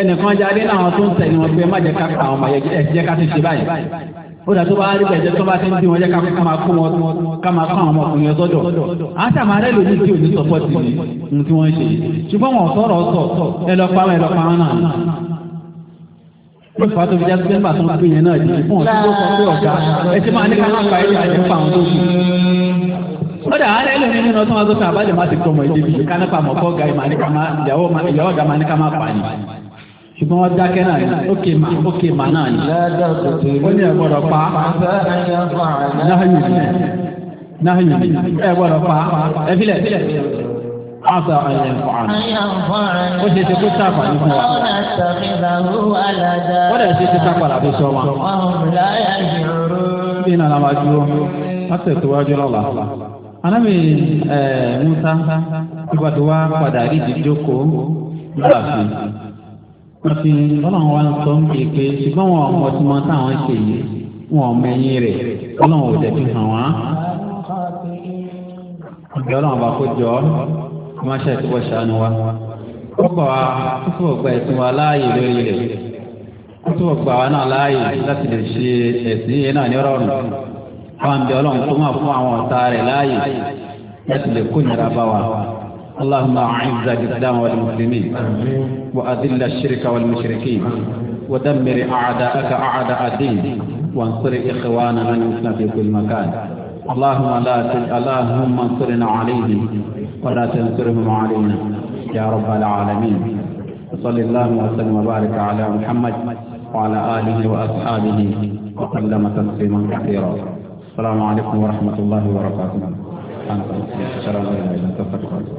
B: ẹnìkan jáde náà tó ń tẹ̀ wọn pé má jẹ́ ó dàtó bá rí bẹ̀jẹ̀ tó bá ti ń dín wọn jẹ́ ká máa kó wọn ká máa kó àwọn ọmọkùnrin ọ̀sọ́dọ̀ àtàwọn ará ìlú tí ò ní sọpọ́tì ní ohun tí wọ́n ń ṣe ṣùgbọ́n wọn sọ̀rọ̀ sọ ẹ lọ pa wọn ẹ lọ pa wọn náà ló fà á tó fi jáde pẹ́ńpà tó ń pè yẹn náà jì fún ọ̀sán tó sọ pé ọ̀gá ẹ ti máa ní ká máa pa ẹ̀ ẹ̀ pa àwọn tó
C: kù ó dà ara ẹlẹ́ni nínú ọdún wa tó sọ àbájọ má ti kọ́
B: ọmọ ìdíbi ká nípa mọ̀kọ́ ọ̀gá ìyàwó ọ̀gá má ní ká má pa ni. ṣùgbọ́n wọ́n dákẹ́ náà ókè mà ókè mà náà ni ó ní ẹ̀gbọ́dọ̀ pa náhàyù náhàyù ẹ̀gbọ́dọ̀ pa ẹ̀fílẹ̀ Asa ayẹyẹ fa'ana. Ó ṣe ṣe kó sáfà ní fún wa.
A: Wọ́n dẹ̀ ṣe ṣe sápàdà sọ wa. Bí
B: dúró, lọ́la. Musa, padà rí wọ́n fi ọlọ́run wa ń sọ ń pè pé ṣùgbọ́n wọn ọmọ tí wọ́n táwọn ṣe yìí wọn ọmọ ẹ̀yìn rẹ̀ ọlọ́run ò dẹ̀bi hàn wá. ọ̀dọ́ ọlọ́run bá kó jọ ọ́ má ṣe àtúbọ̀ ṣàánú wa. ó gbà wá ó túbọ̀ gba ẹ̀sìn wa láàyè lórí rẹ̀ ó túbọ̀ gba wa náà láàyè láti lè ṣe ẹ̀sìn yẹn náà ní rọrùn. àwọn àbí ọlọ́run tó máa fún àwọn ọ̀tá rẹ̀ láàyè láti lè kó ìnira bá wa. اللهم أعز الإسلام والمسلمين وأذل الشرك والمشركين ودمر أعداءك أعداء الدين وانصر إخواننا المسلمين في كل مكان اللهم لا اللهم انصرنا عليهم ولا تنصرهم علينا يا رب العالمين وصل اللهم وسلم وبارك على محمد وعلى آله وأصحابه وسلم تسليما كثيرا السلام عليكم ورحمة الله وبركاته السلام عليكم ورحمة الله وبركاته